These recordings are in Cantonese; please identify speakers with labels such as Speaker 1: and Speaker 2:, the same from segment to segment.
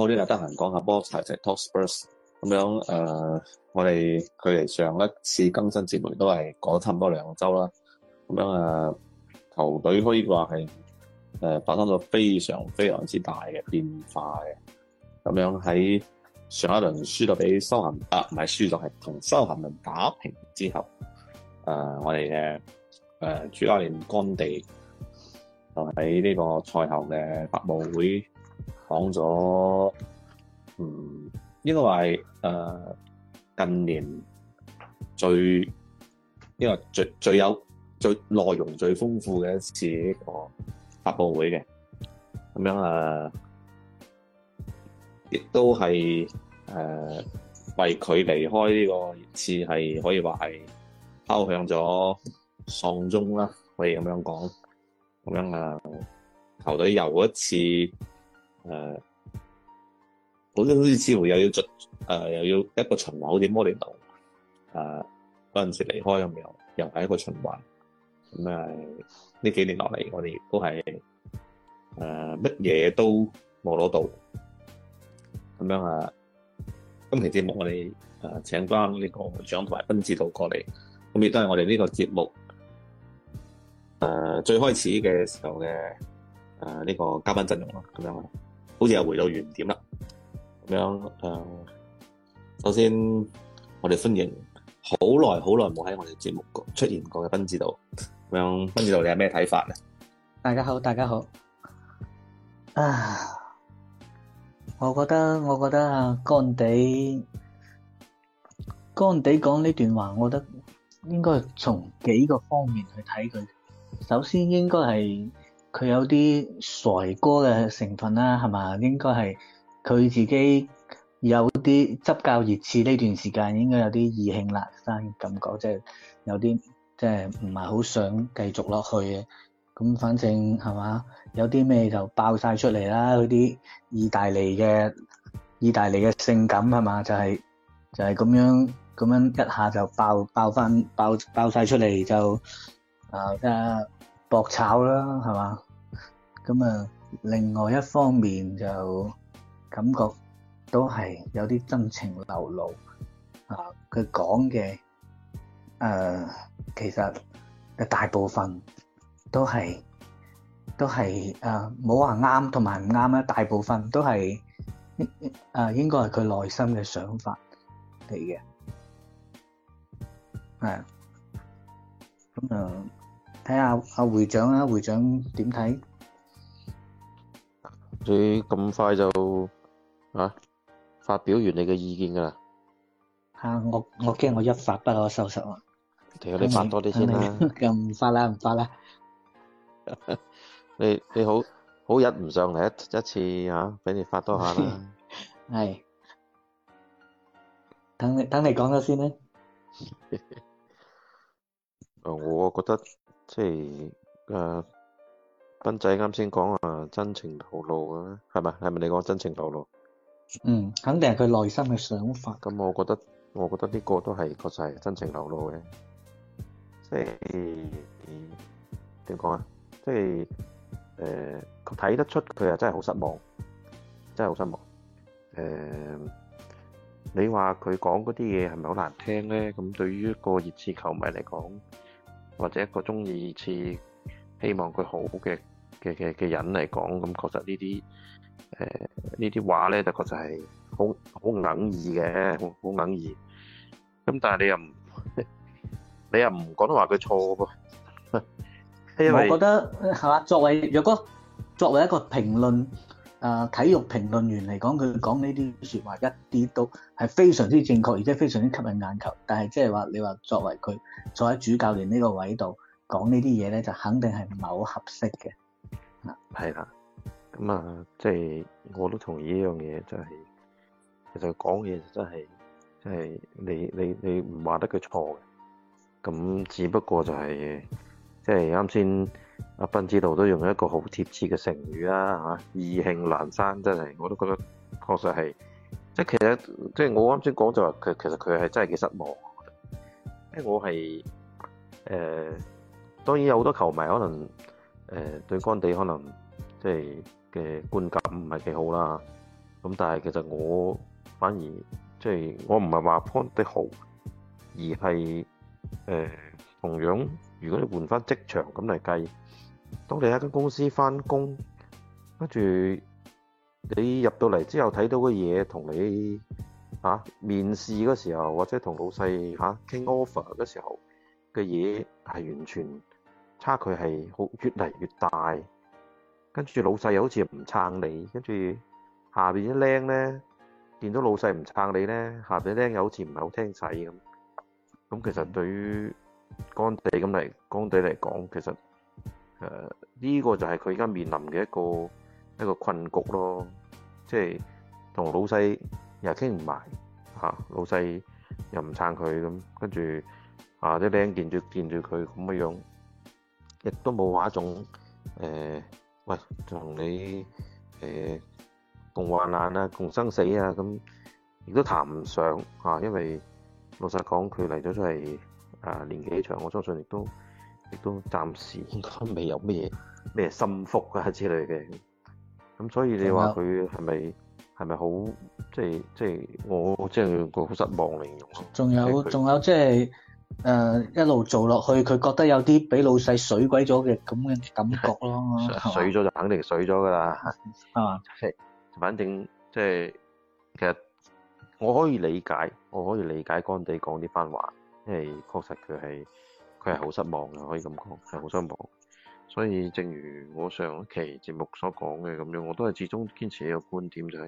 Speaker 1: 好啲啦，得閒講下波財政 Talk Spurs 咁樣、呃、我哋距離上一次更新節目都係過差唔多兩週啦。咁樣誒，球隊可以話係、呃、發生咗非常非常之大嘅變化嘅。咁樣喺上一輪輸到俾修咸頓，唔、啊、係輸咗係同修咸頓人打平之後，呃、我哋嘅、呃、主教練干地就喺呢個賽後嘅發布會，講咗，嗯，呢個係誒近年最呢個最最有最內容最豐富嘅一次呢、呃呃、個發布會嘅，咁樣誒，亦都係誒為佢離開呢個熱刺係可以話係敲響咗喪鐘啦，可以咁樣講，咁樣啊、呃、球隊又一次。誒，好似好似似乎又要進，誒、啊、又要一個循環，好似摩連奴，誒嗰陣時離開咁又又係一個循環，咁啊呢幾年落嚟，我、啊、哋都係誒乜嘢都冇攞到，咁樣啊，今期節目我哋誒請翻呢個會長同埋斌指導過嚟，咁、啊、亦都係我哋呢個節目誒、啊、最開始嘅時候嘅誒呢個嘉賓陣容啦，咁、啊、樣。啊。.好似又回到原點啦，咁樣誒、呃，首先我哋歡迎好耐好耐冇喺我哋節目出現過嘅斌指導，咁樣斌指導你有咩睇法咧？
Speaker 2: 大家好，大家好啊！我覺得，我覺得啊，乾地乾地講呢段話，我覺得應該從幾個方面去睇佢。首先應該係。佢有啲帥哥嘅成分啦，係嘛？應該係佢自己有啲執教熱刺呢段時間，應該有啲異性辣生感覺，即係有啲即係唔係好想繼續落去嘅。咁反正係嘛？有啲咩就爆晒出嚟啦！嗰啲意大利嘅意大利嘅性感係嘛？就係就係咁樣咁樣一下就爆爆翻爆爆晒出嚟就啊！真～搏炒啦，係嘛？咁啊，另外一方面就感覺都係有啲真情流露啊！佢講嘅誒，其實嘅大部分都係都係誒，冇話啱同埋唔啱啦，大部分都係誒、啊、應該係佢內心嘅想法嚟嘅，
Speaker 1: 係
Speaker 2: 咁啊！睇下阿會長啊，會長點睇？
Speaker 1: 你咁快就啊發表完你嘅意見噶啦？
Speaker 2: 吓，我我驚我一發不可收拾啊！你發多啲先啦，唔發啦唔發啦。
Speaker 1: 你你好好日唔上嚟一一次吓，俾你發多下啦。係，等你
Speaker 2: 等你講咗先
Speaker 1: 啦。誒，我覺得。即係誒，斌仔啱先講話真情流露啊，係咪？係咪你講真情流露？嗯，肯定係佢內心嘅想法。咁、嗯、我覺得，我覺得呢個都係確實係真情流露嘅。即係點講啊？即係誒，睇、呃、得出佢啊真係好失望，真係好失望。誒、呃，你話佢講嗰啲嘢係咪好難聽咧？咁對於一個熱刺球迷嚟講，或者一個鍾意似希望佢好嘅嘅嘅嘅人嚟講，咁確實、呃、話呢啲誒呢啲話咧，就確實係好好哽耳嘅，好哽耳。咁但係你又唔你又唔講得話佢錯噃。
Speaker 2: 是是我覺得係嘛？作為如果，果作為一個評論，啊！體育評論員嚟講，佢講呢啲説話一啲都係非常之正確，而且非常之吸引眼球。但係即係話你話作為佢坐喺主教練呢個位度講呢啲嘢咧，就肯定係唔係好合適嘅。
Speaker 1: 係啦，咁啊，即係我都同意呢樣嘢，就係其實講嘢真係即係你你你唔話得佢錯嘅，咁只不過就係即係啱先。就是阿斌指導都用一個好貼切嘅成語啦、啊，吓意興闌珊，真係我都覺得確實係，即係其實即係我啱先講就話佢其實佢係真係幾失望，因為我係誒、呃，當然有好多球迷可能誒、呃、對干地可能即係嘅觀感唔係幾好啦，咁但係其實我反而即係我唔係話干地好，而係誒、呃、同樣如果你換翻職場咁嚟計。當你喺間公司翻工，跟住你入到嚟之後睇到嘅嘢，同你吓面試嗰時候，或者同老細吓傾 offer 嗰時候嘅嘢，係完全差距係好越嚟越大。跟住老細又好似唔撐你，跟住下邊啲靚咧見到老細唔撐你咧，下邊啲靚又好似唔係好聽使咁。咁其實對於干地咁嚟，干地嚟講，其實。誒呢、啊呢個就係佢而家面臨嘅一個一個困局咯，即係同老細又傾唔埋嚇，老細又唔撐佢咁，跟住啊啲僆見住見住佢咁嘅樣，亦都冇話一種誒，喂同你誒共患難啊，共生死啊，咁亦都談唔上嚇、啊，因為老實講佢嚟咗就係啊年紀長，我相信亦都。亦都暫時應該未有咩嘢咩心腹啊之類嘅，咁所以你話佢係咪係咪好即係即係我即係個好失望嚟形容？
Speaker 2: 仲有仲他有即係誒一路做落去，佢覺得有啲俾老細水鬼咗嘅咁嘅感覺咯，水
Speaker 1: 咗就肯定水咗噶啦，係嘛、啊？反正即係其實我可以理解，我可以理解乾地講呢番話，因為確實佢係。佢係好失望嘅，可以咁講，係好失望。所以，正如我上一期節目所講嘅咁樣，我都係始終堅持一個觀點，就係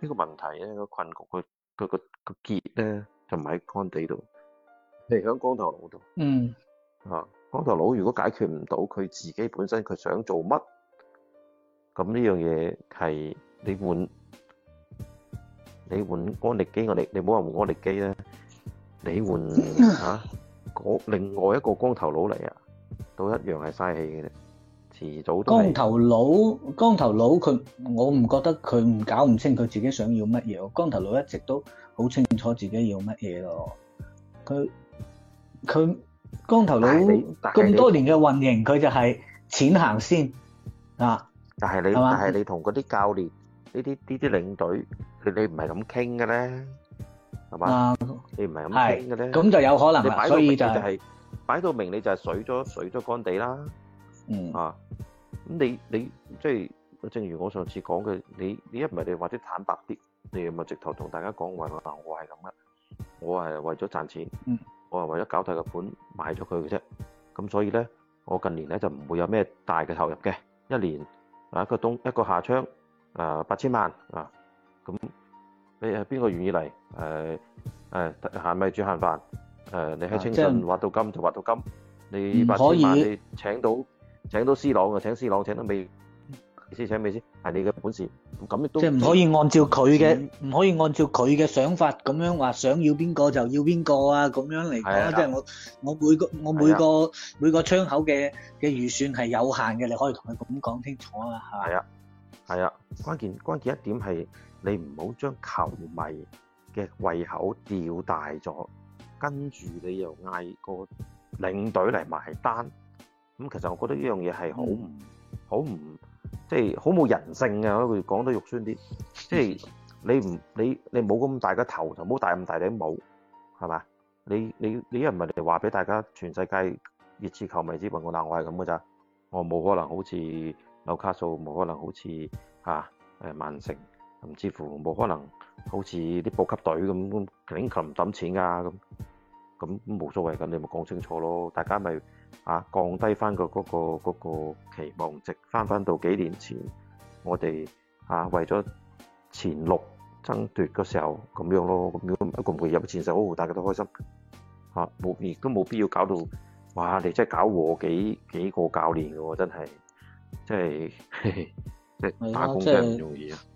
Speaker 1: 呢個問題咧，個困局個、個個個結咧，就唔喺干地度，係響光頭佬度。嗯，啊，光頭佬如果解決唔到佢自己本身佢想做乜，咁呢樣嘢係你換，你換安力基，我哋你唔好話換安力基啦，你換吓？嗰另外一個光頭佬嚟啊，都一樣係嘥氣嘅啫，遲早都。光
Speaker 2: 頭佬，光頭佬佢，我唔覺得佢唔搞唔清佢自己想要乜嘢。光頭佬一直都好清楚自己要乜嘢咯。佢佢光頭佬咁多年嘅運營，佢就係錢行先
Speaker 1: 啊。係但係你，係啩但係你同嗰啲教練呢啲呢啲領隊，佢你唔係咁傾嘅咧。係嘛？你唔係咁傾嘅咧，咁就有可能。你擺到明就係擺到明，你就係水咗水咗乾地啦。嗯啊，咁你你即係正如我上次講嘅，你你一唔係你話啲坦白啲，你咪直頭同大家講話，我係咁啦，我係為咗賺錢，我係為咗搞大個盤買咗佢嘅啫。咁所以咧，我近年咧就唔會有咩大嘅投入嘅，一年啊一個冬一個夏窗啊八千萬啊咁。你係邊個願意嚟？誒誒，閒米煮閒飯。誒，你喺清新挖到金就挖到金。你可以你請到請到師朗嘅，請師朗請得未先請未先，係你嘅本事。咁都即係唔可以按照佢嘅，唔
Speaker 2: 可以按照佢嘅想法咁樣話想要邊個就要邊個啊！咁樣嚟講，
Speaker 1: 即係我
Speaker 2: 我每個我每個每個窗口嘅嘅預算係有限嘅，你可以同佢咁講清楚啊！
Speaker 1: 係啊係啊，關鍵關鍵一點係。你唔好將球迷嘅胃口吊大咗，跟住你又嗌個領隊嚟埋單咁。其實我覺得呢樣嘢係好唔好唔即係好冇人性嘅。我覺得講得肉酸啲，即係你唔你你冇咁大嘅頭，就冇戴咁大頂帽，係嘛？你你你啲人咪嚟話俾大家全世界熱刺球迷之雲我鬧我係咁嘅咋？我冇可能好似紐卡素，冇可能好似嚇誒曼城。啊甚至乎冇可能，好似啲保級隊咁，頂球唔抌錢噶、啊、咁，咁冇所謂噶，你咪講清楚咯，大家咪、就是、啊降低翻、嗰個嗰、嗰個嗰個期望值，翻翻到幾年前，我哋啊為咗前六爭奪嗰時候咁樣咯，咁一共唔會入咗前十，大家都開心嚇，冇亦都冇必要搞到，哇！你真係搞和幾幾個教練嘅喎，真係真係， 真是的打工真係唔容易
Speaker 2: 啊！就是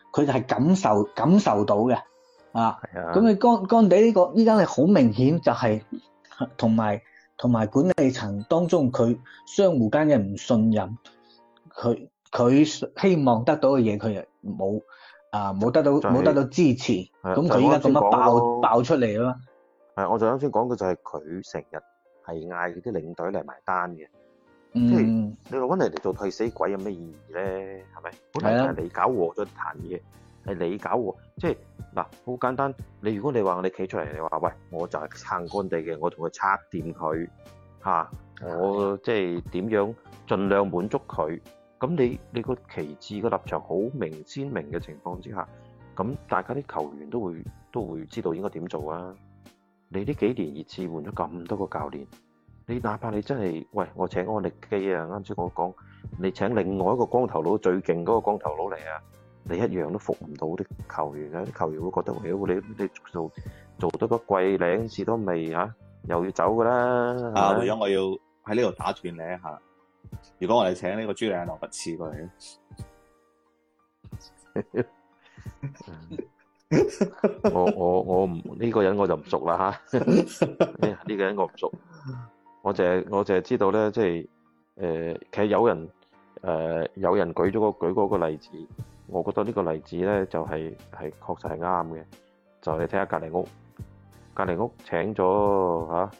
Speaker 2: 佢就係感受感受到嘅，的啊，咁你干干地呢、這個呢間係好明顯就係同埋同埋管理層當中佢相互間嘅唔信任，佢佢希望得到嘅嘢佢又冇啊冇得到冇、就是、得到支持，咁佢而家咁樣爆
Speaker 1: 爆出嚟咯。係，我才的就啱先講嘅就係佢成日係嗌啲領隊嚟埋單嘅。
Speaker 2: 嗯、即
Speaker 1: 係你話揾人嚟做替死鬼有咩意義咧？係咪？本來係你搞和咗一壇嘢，係的你搞和。即係嗱，好簡單。你如果你話我哋企出嚟，你話喂，我就係撐乾地嘅，我同佢測掂佢吓，我的即係點樣盡量滿足佢。咁你你個旗幟個立場好明鮮明嘅情況之下，咁大家啲球員都會都會知道應該點做啊！你呢幾年熱刺換咗咁多個教練。你哪怕你真係，喂，我請安力基啊，啱先我講，你請另外一個光頭佬最勁嗰個光頭佬嚟啊，你一樣都服唔到啲球員啊，啲球員會覺得，哎，你你做做得個季兩次都未啊，又要走噶啦。啊，咁樣我要喺呢度打斷你一下，如果我哋請呢個朱亮羅佛次過嚟咧，我我我唔呢個人我就唔熟啦吓，呢個人我唔熟。我淨係我淨係知道咧，即係、呃、其實有人、呃、有人舉咗個舉嗰個例子，我覺得呢個例子咧就係、係、確實係啱嘅。就你睇下隔離屋，隔離屋請咗嚇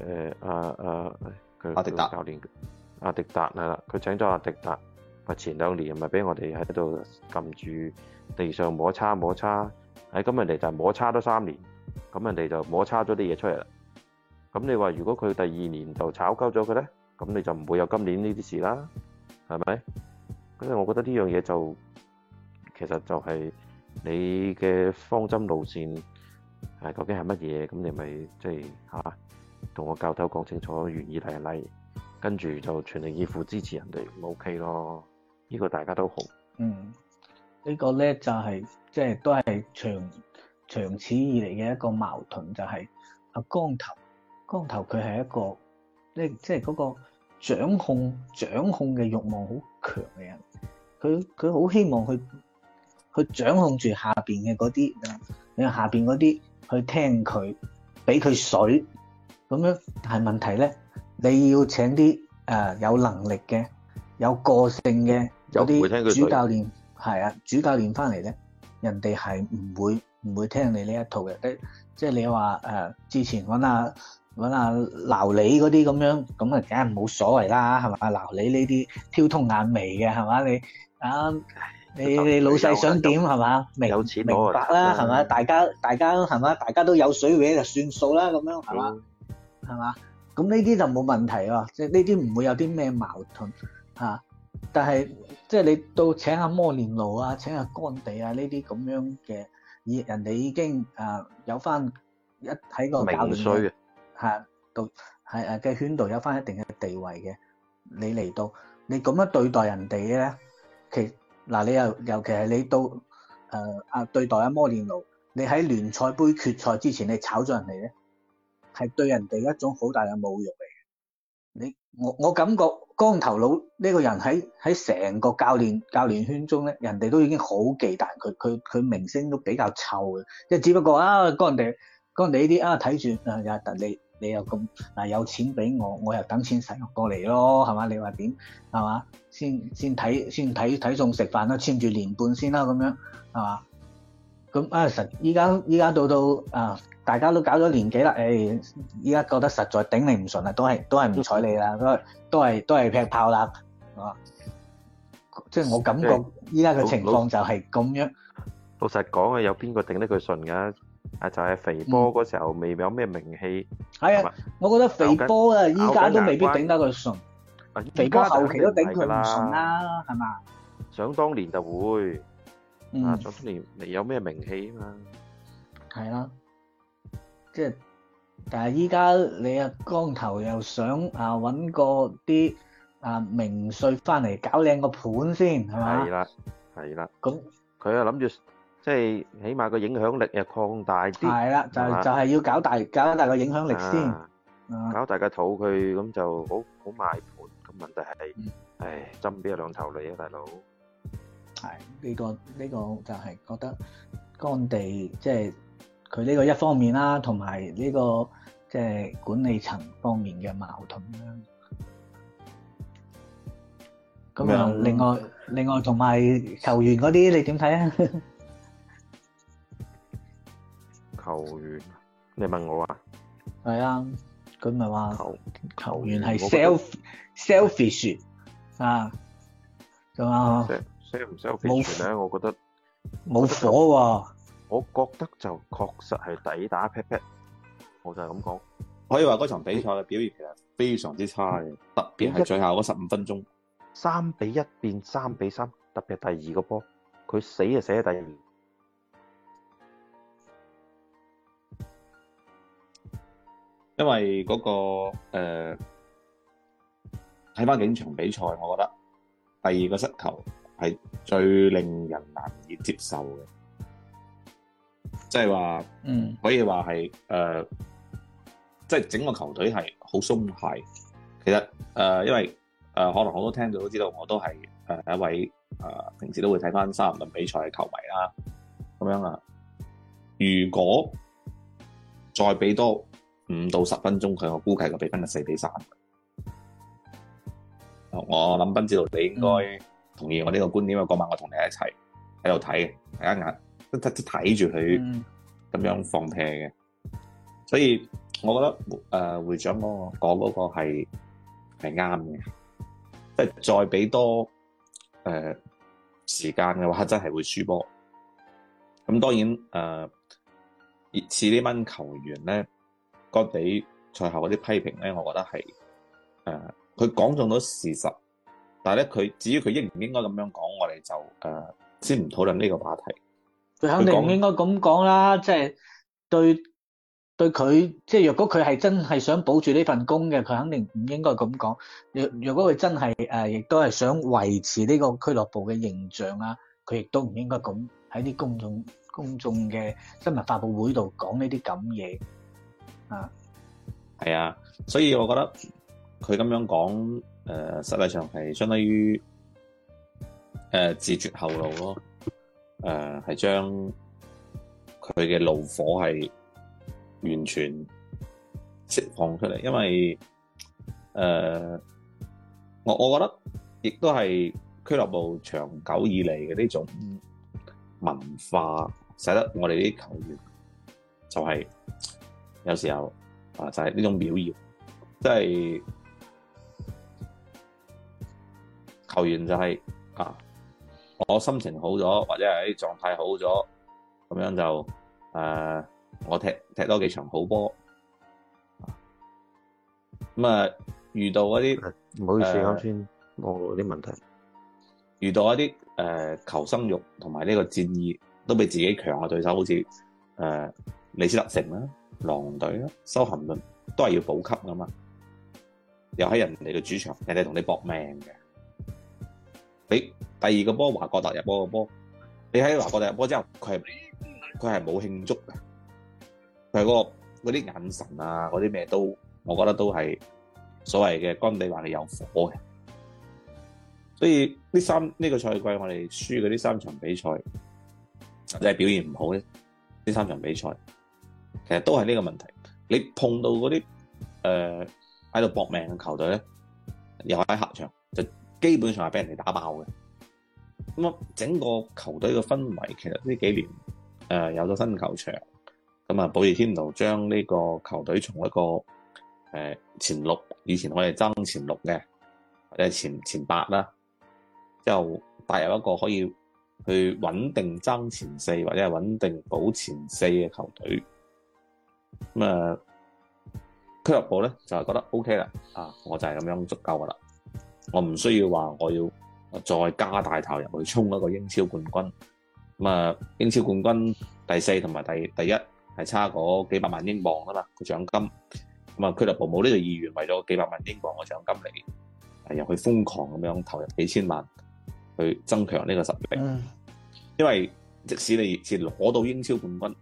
Speaker 1: 誒阿阿阿阿迪達佢教練，阿迪達啦，佢請咗阿迪達，前兩年咪俾我哋喺度撳住地上摩擦摩擦，誒咁人哋就摩擦咗三年，咁人哋就摩擦咗啲嘢出嚟啦。咁你話，如果佢第二年就炒鳩咗佢咧，咁你就唔會有今年呢啲事啦，係咪？咁所以我覺得呢樣嘢就其實就係你嘅方針路線係究竟係乜嘢？咁你咪即係嚇同我教頭講清楚願意嚟唔嚟，跟住就全力以赴支持人哋，O K 咯。呢個大家都好。嗯，
Speaker 2: 呢個咧就係即係都係長長此以嚟嘅一個矛盾，就係阿光頭。光頭佢係一個即係嗰個掌控、掌控嘅欲望好強嘅人，佢佢好希望去去掌控住下邊嘅嗰啲你下邊嗰啲去聽佢，俾佢水咁樣。但係問題咧，你要請啲誒有能力嘅、有個性嘅有啲主教練，係啊，主教練翻嚟咧，人哋係唔會唔會聽你呢一套嘅。即係你話誒之前揾阿。揾下鬧你嗰啲咁樣，咁啊梗係冇所謂啦，係嘛，鬧你呢啲挑通眼眉嘅係嘛，你啊你你老細想點係嘛，明明白啦係嘛，大家大家都係嘛，大家都有水嘅就算數啦咁樣係嘛係嘛，咁呢啲就冇問題喎，即係呢啲唔會有啲咩矛盾嚇。但係即係你到請下摩連奴啊，請下干地啊呢啲咁樣嘅，人哋已經啊有翻一喺個教練。吓到係誒嘅圈度有翻一定嘅地位嘅，你嚟到你咁樣對待人哋咧，其嗱你又尤其係你到誒啊對待阿摩連奴，你喺聯賽杯決賽之前你炒咗人哋咧，係對人哋一種好大嘅侮辱嚟嘅。你我我感覺光頭佬呢個人喺喺成個教練教練圈中咧，人哋都已經好忌憚佢，佢佢名聲都比較臭嘅，即係只不過啊，當人哋當人哋呢啲啊睇住啊特你。你又咁嗱、啊、有錢俾我，我又等錢使過嚟咯，係嘛？你話點？係嘛？先先睇先睇睇餸食飯啦，簽住年半先啦，咁樣係嘛？咁啊實依家依家到到啊，大家都搞咗年幾啦，誒依家覺得實在頂你唔順啦，都係都係唔睬你啦，都係、嗯、都係都係劈炮啦，啊！即係我感覺依家嘅情況就係咁樣。
Speaker 1: 老實講啊，有邊個頂得佢順㗎？啊，就係肥波嗰時候未有咩名氣。係啊，我覺得肥波啊，依家都未必頂得佢順。肥波後期都頂
Speaker 3: 佢唔順啦，係嘛？
Speaker 1: 想當年就會。嗯，想當年未有咩名氣啊嘛。係啦，即係，但係依
Speaker 2: 家你啊，光頭又想啊揾個啲啊名帥翻嚟搞靚個盤先，係嘛？係啦，
Speaker 1: 係啦。咁佢啊諗住。即係起碼個影響力又擴大啲，係啦，就就係要搞大搞大
Speaker 2: 個影響力先，
Speaker 1: 搞大個肚佢咁就好好賣盤。咁問題係，唉，針邊有兩頭利啊，大佬。
Speaker 2: 係呢個呢個就係覺得干地，即係佢呢個一方面啦，同埋呢個即係管理層方面嘅矛盾啦。咁樣，另外另外同埋球員嗰啲，你點睇啊？
Speaker 1: 球員，你問我啊？
Speaker 2: 係啊，佢咪話球員係 self selfish 啊？咁啊，self 唔 selfish 咧？
Speaker 1: 我覺得冇火喎。我覺得就確實係抵打劈劈。我就係咁講。可以話嗰場比賽嘅表現其實、欸、非常之差嘅，特別係最後嗰十五分鐘，三比一變三比三，特別係第二個波，佢死就死喺第二。因為嗰、那個誒睇翻幾場比賽，我覺得第二個失球係最令人難以接受嘅，即係話，嗯，可以話係誒，即係整個球隊係好鬆懈。其實誒、呃，因為誒、呃，可能好多聽眾都知道，我都係誒、呃、一位誒、呃、平時都會睇翻修咸頓比賽嘅球迷啦。咁樣啊，如果再俾多。五到十分鐘，佢個估計個比分係四比三。我諗斌知道你應該同意我呢個觀點啊，嗰晚我同你一齊喺度睇嘅，大家眼都睇住佢咁樣放屁嘅。嗯、所以我覺得誒、呃，會長嗰、那、講個係係啱嘅，即係再俾多誒、呃、時間嘅話，真係會輸波。咁當然誒，熱刺呢班球員咧。幹地賽後嗰啲批評咧，我覺得係誒，佢、呃、講中咗事實，但係咧佢至於佢應唔應該咁樣講，我哋就誒先唔討論呢個話題。佢
Speaker 2: 肯定唔應該咁講啦，即係講對對佢，即係若果佢係真係想保住呢份工嘅，佢肯定唔應該咁講。若若果佢真係誒，亦都係想維持呢個俱樂部嘅形象啊，佢亦都唔應該咁喺啲公眾公眾嘅新聞發布會度講呢啲咁嘢。
Speaker 1: 啊，係啊，所以我覺得佢咁樣講，誒、呃，實際上係相當於誒自絕後路咯，誒、呃，係將佢嘅怒火係完全釋放出嚟，因為誒，我、呃、我覺得亦都係俱樂部長久以嚟嘅呢種文化，使得我哋啲球員就係、是。有時候啊，就係、是、呢種表現，即、就、係、是、球員就係、是、啊，我心情好咗，或者係狀態好咗，咁樣就誒、啊，我踢踢多幾場好波。咁啊，啊，遇到一啲唔好意思，啱、呃、先我啲問題，遇到一啲誒、啊、求生欲同埋呢個戰意都比自己強嘅對手，好似誒李斯特城啦。啊狼隊咯，修咸頓都係要補給噶嘛，又喺人哋嘅主場，人哋同你搏命嘅。你第二個波華國達入波嘅波，你喺華國達入波之後，佢係佢係冇慶祝嘅，佢係嗰個啲眼神啊，嗰啲咩都，我覺得都係所謂嘅干地話你有火嘅。所以呢三呢個賽季我哋輸嗰啲三場比賽，或者表現唔好咧，呢三場比賽。其實都係呢個問題，你碰到嗰啲誒喺度搏命嘅球隊咧，又喺客場就基本上係俾人哋打爆嘅。咁啊，整個球隊嘅氛圍，其實呢幾年誒、呃、有咗新球場，咁啊，保爾天奴將呢個球隊從一個誒、呃、前六，以前我哋爭前六嘅，誒前前八啦，之後帶入一個可以去穩定爭前四或者係穩定保前四嘅球隊。咁啊、嗯，俱樂部咧就係、是、覺得 O K 啦，啊，我就係咁樣足夠噶啦，我唔需要話我要再加大投入去衝一個英超冠軍。咁、嗯、啊，英超冠軍第四同埋第第一係差嗰幾百萬英鎊噶嘛個獎金。咁、嗯、啊，俱樂部冇呢個意願為咗幾百萬英鎊個獎金嚟，係又去瘋狂咁樣投入幾千萬去增強呢個實力，嗯、因為即使你以前攞到英超冠軍。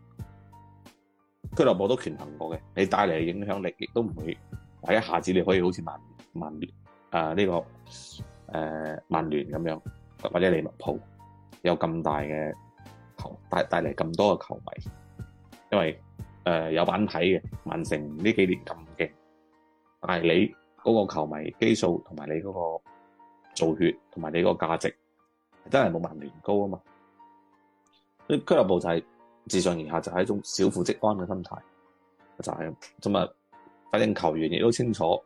Speaker 1: 俱樂部都權衡過嘅，你帶嚟嘅影響力亦都唔會，係一下子你可以好似曼曼聯曼、呃這個呃、曼聯咁樣，或者利物浦有咁大嘅球帶帶嚟咁多嘅球迷，因為、呃、有版體嘅曼城呢幾年咁勁，但係你嗰個球迷基數同埋你嗰個造血同埋你個價值，真係冇曼聯高啊嘛，啲俱樂部就係、是。自上而下就係一種小富即安嘅心態，就係咁啊！反正球員亦都清楚，係、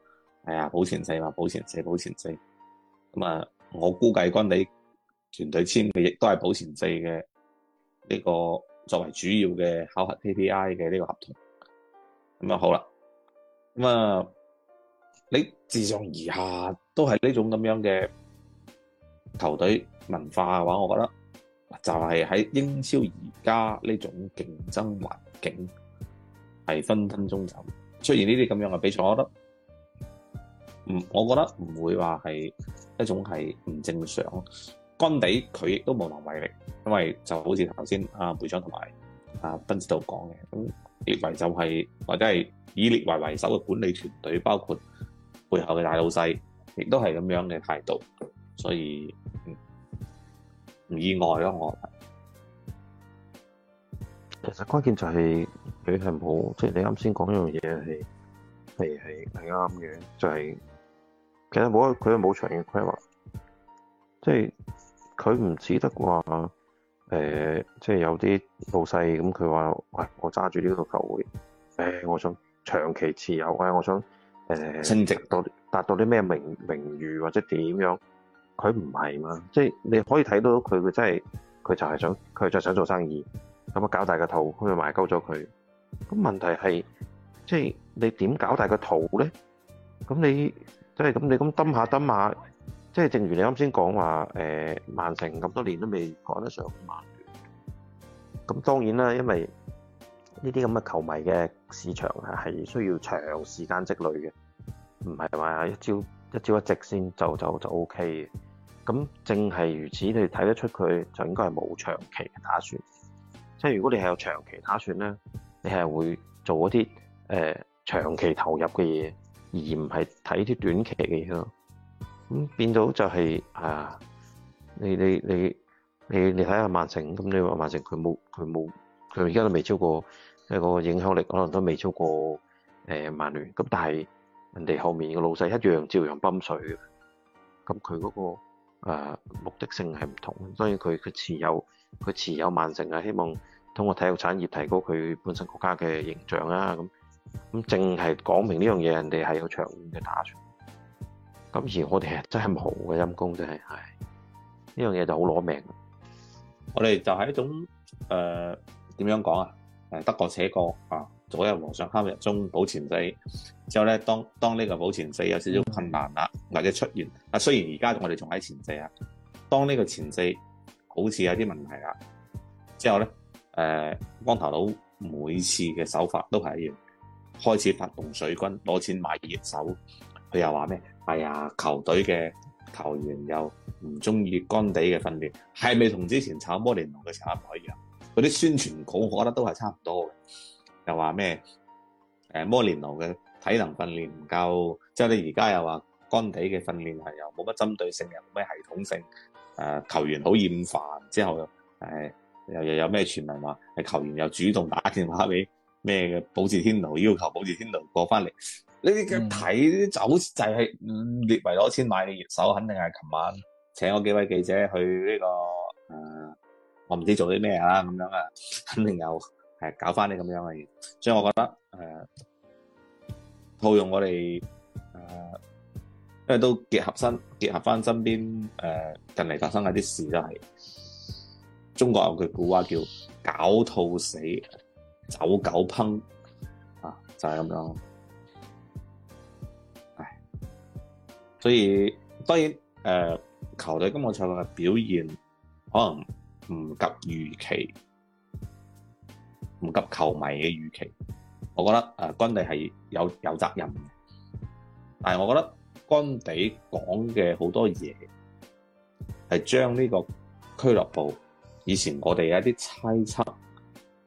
Speaker 1: 哎、呀，保前四嘛，保前四，保前四。咁啊，我估計軍你團隊簽嘅亦都係保前四嘅呢個作為主要嘅考核 KPI 嘅呢個合同。咁啊好啦，咁啊，你自上而下都係呢種咁樣嘅球隊文化嘅話，我覺得。就係喺英超而家呢種競爭環境，係分分鐘就出現呢啲咁樣嘅比賽。我覺得唔，我覺得唔會話係一種係唔正常咯。干地佢亦都無能為力，因為就好似頭先阿會長同埋阿斌指導講嘅，咁列維就係、是、或者係以列維為首嘅管理團隊，包括背後嘅大老細，亦都係咁樣嘅態度，所以，唔意外咯，我其實關鍵就係、是、你係冇，即係你啱先講一樣嘢係係係係啱嘅，就係、是就是、其實冇佢冇長遠規劃，即係佢唔似得話誒，即係有啲老細咁佢話：，喂、呃就是哎，我揸住呢個球會，誒、呃，我想長期持有，餵、呃，我想誒、呃、升值到達到啲咩名名譽或者點樣？佢唔係嘛，即係你可以睇到佢，佢真係佢就係想佢就係想做生意，咁啊搞大個套，佢啊賣高咗佢。咁問題係即係你點搞大個套咧？咁你即係咁你咁蹲下蹲下，即係正如你啱先講話誒，曼城咁多年都未趕得上曼聯。咁當然啦，因為呢啲咁嘅球迷嘅市場係需要長時間積累嘅，唔係話一朝一朝一夕先就就就 O K 嘅。咁正係如此，你睇得出佢就應該係冇長期嘅打算。即係如果你係有長期打算咧，你係會做一啲誒、呃、長期投入嘅嘢，而唔係睇啲短期嘅嘢咯。咁變到就係、是、啊，你你你你你睇下曼城咁，你話曼城佢冇佢冇佢而家都未超過，即、那、係個影響力可能都未超過誒曼、呃、聯。咁但係人哋後面嘅老細一樣，照樣泵水嘅。咁佢嗰個。誒，目的性係唔同，所以佢佢持有佢持有曼城啊，希望通過體育產業提高佢本身國家嘅形象啊，咁咁淨係講明呢樣嘢，人哋係有長遠嘅打算。咁而我哋係真係冇嘅陰功，真係，唉，呢樣嘢就好攞命。我哋就係一種誒，點樣講啊？誒，得過且過啊！左右和尚敲日鐘保前四，之後咧，當當呢個保前四有少少困難啦，或者出現啊。雖然而家我哋仲喺前四啊，當呢個前四好似有啲問題啊，之後咧，誒、呃、光頭佬每次嘅手法都係一樣，開始發動水軍攞錢買熱手。佢又話咩？哎呀，球隊嘅球員又唔中意干地嘅訓練，係咪同之前炒摩連奴嘅時候唔一樣？嗰啲宣傳稿我覺得都係差唔多嘅。又話咩？誒，摩連奴嘅體能訓練唔夠，之、就、後、是、你而家又話干地嘅訓練係又冇乜針對性，又冇乜系統性，誒、呃，球員好厭煩，之後、哎、又誒又又有咩傳聞話，係球員又主動打電話俾咩嘅保持天奴要求保持天奴過翻嚟，你嘅睇就好似就係列為攞錢買你熱搜，肯定係琴晚、嗯、請我幾位記者去呢、這個誒、呃，我唔知做啲咩啊咁樣啊，肯定有。係搞翻啲咁樣嘅嘢，所以我覺得誒、呃，套用我哋誒、呃，因為都結合身結合翻身邊誒、呃、近嚟發生嘅啲事都係，中國有句古話叫狡兔死走狗烹，啊就係、是、咁樣，唉，所以當然誒、呃、球隊今個賽季嘅表現可能唔及預期。唔及球迷嘅預期，我覺得誒干地係有有責任嘅。但係我覺得干地講嘅好多嘢係將呢個俱樂部以前我哋嘅一啲猜測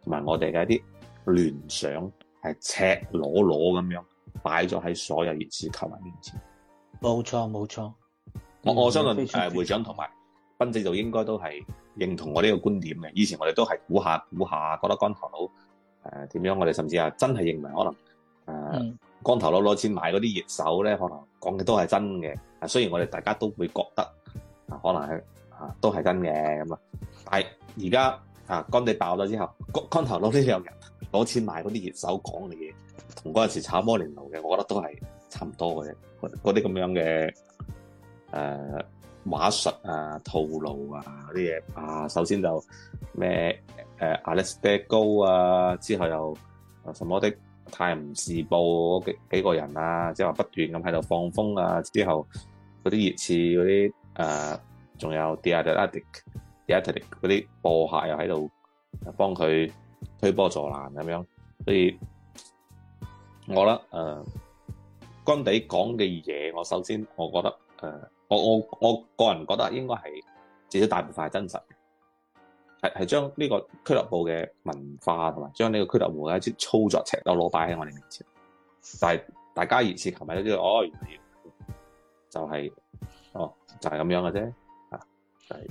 Speaker 1: 同埋我哋嘅一啲聯想係赤裸裸咁樣擺咗喺所有熱刺球迷面前。
Speaker 2: 冇錯，冇錯。
Speaker 1: 我我相信誒會長同埋分析就應該都係認同我呢個觀點嘅。以前我哋都係估下估下，覺得光頭佬誒點、呃、樣，我哋甚至啊真係認為可能誒光、呃嗯、頭佬攞錢買嗰啲熱手咧，可能講嘅都係真嘅。雖然我哋大家都會覺得啊，可能係啊都係真嘅咁啊，但係而家啊干地爆咗之後，光光頭佬呢兩日攞錢買嗰啲熱手講嘅嘢，同嗰陣時炒摩連奴嘅，我覺得都係差唔多嘅嗰啲咁樣嘅誒。呃話術啊、套路啊啲嘢啊，首先就咩誒 Alexa 高啊，之後又什麼的泰晤士報嗰幾個個人啊，即係話不斷咁喺度放風啊，之後嗰啲熱刺嗰啲誒，仲、呃、有 Dietetic d i t i c 嗰啲播客又喺度幫佢推波助瀾咁樣，所以我咧誒干地講嘅嘢，我首先我覺得誒。呃我我我個人覺得應該係至少大部分係真實嘅，係係將呢個俱樂部嘅文化同埋將呢個俱樂部嘅一啲操作尺度攞擺喺我哋面前，但係大家熱刺球迷都知道，哦原來就係、是、哦就係、是、咁樣嘅啫，啊就係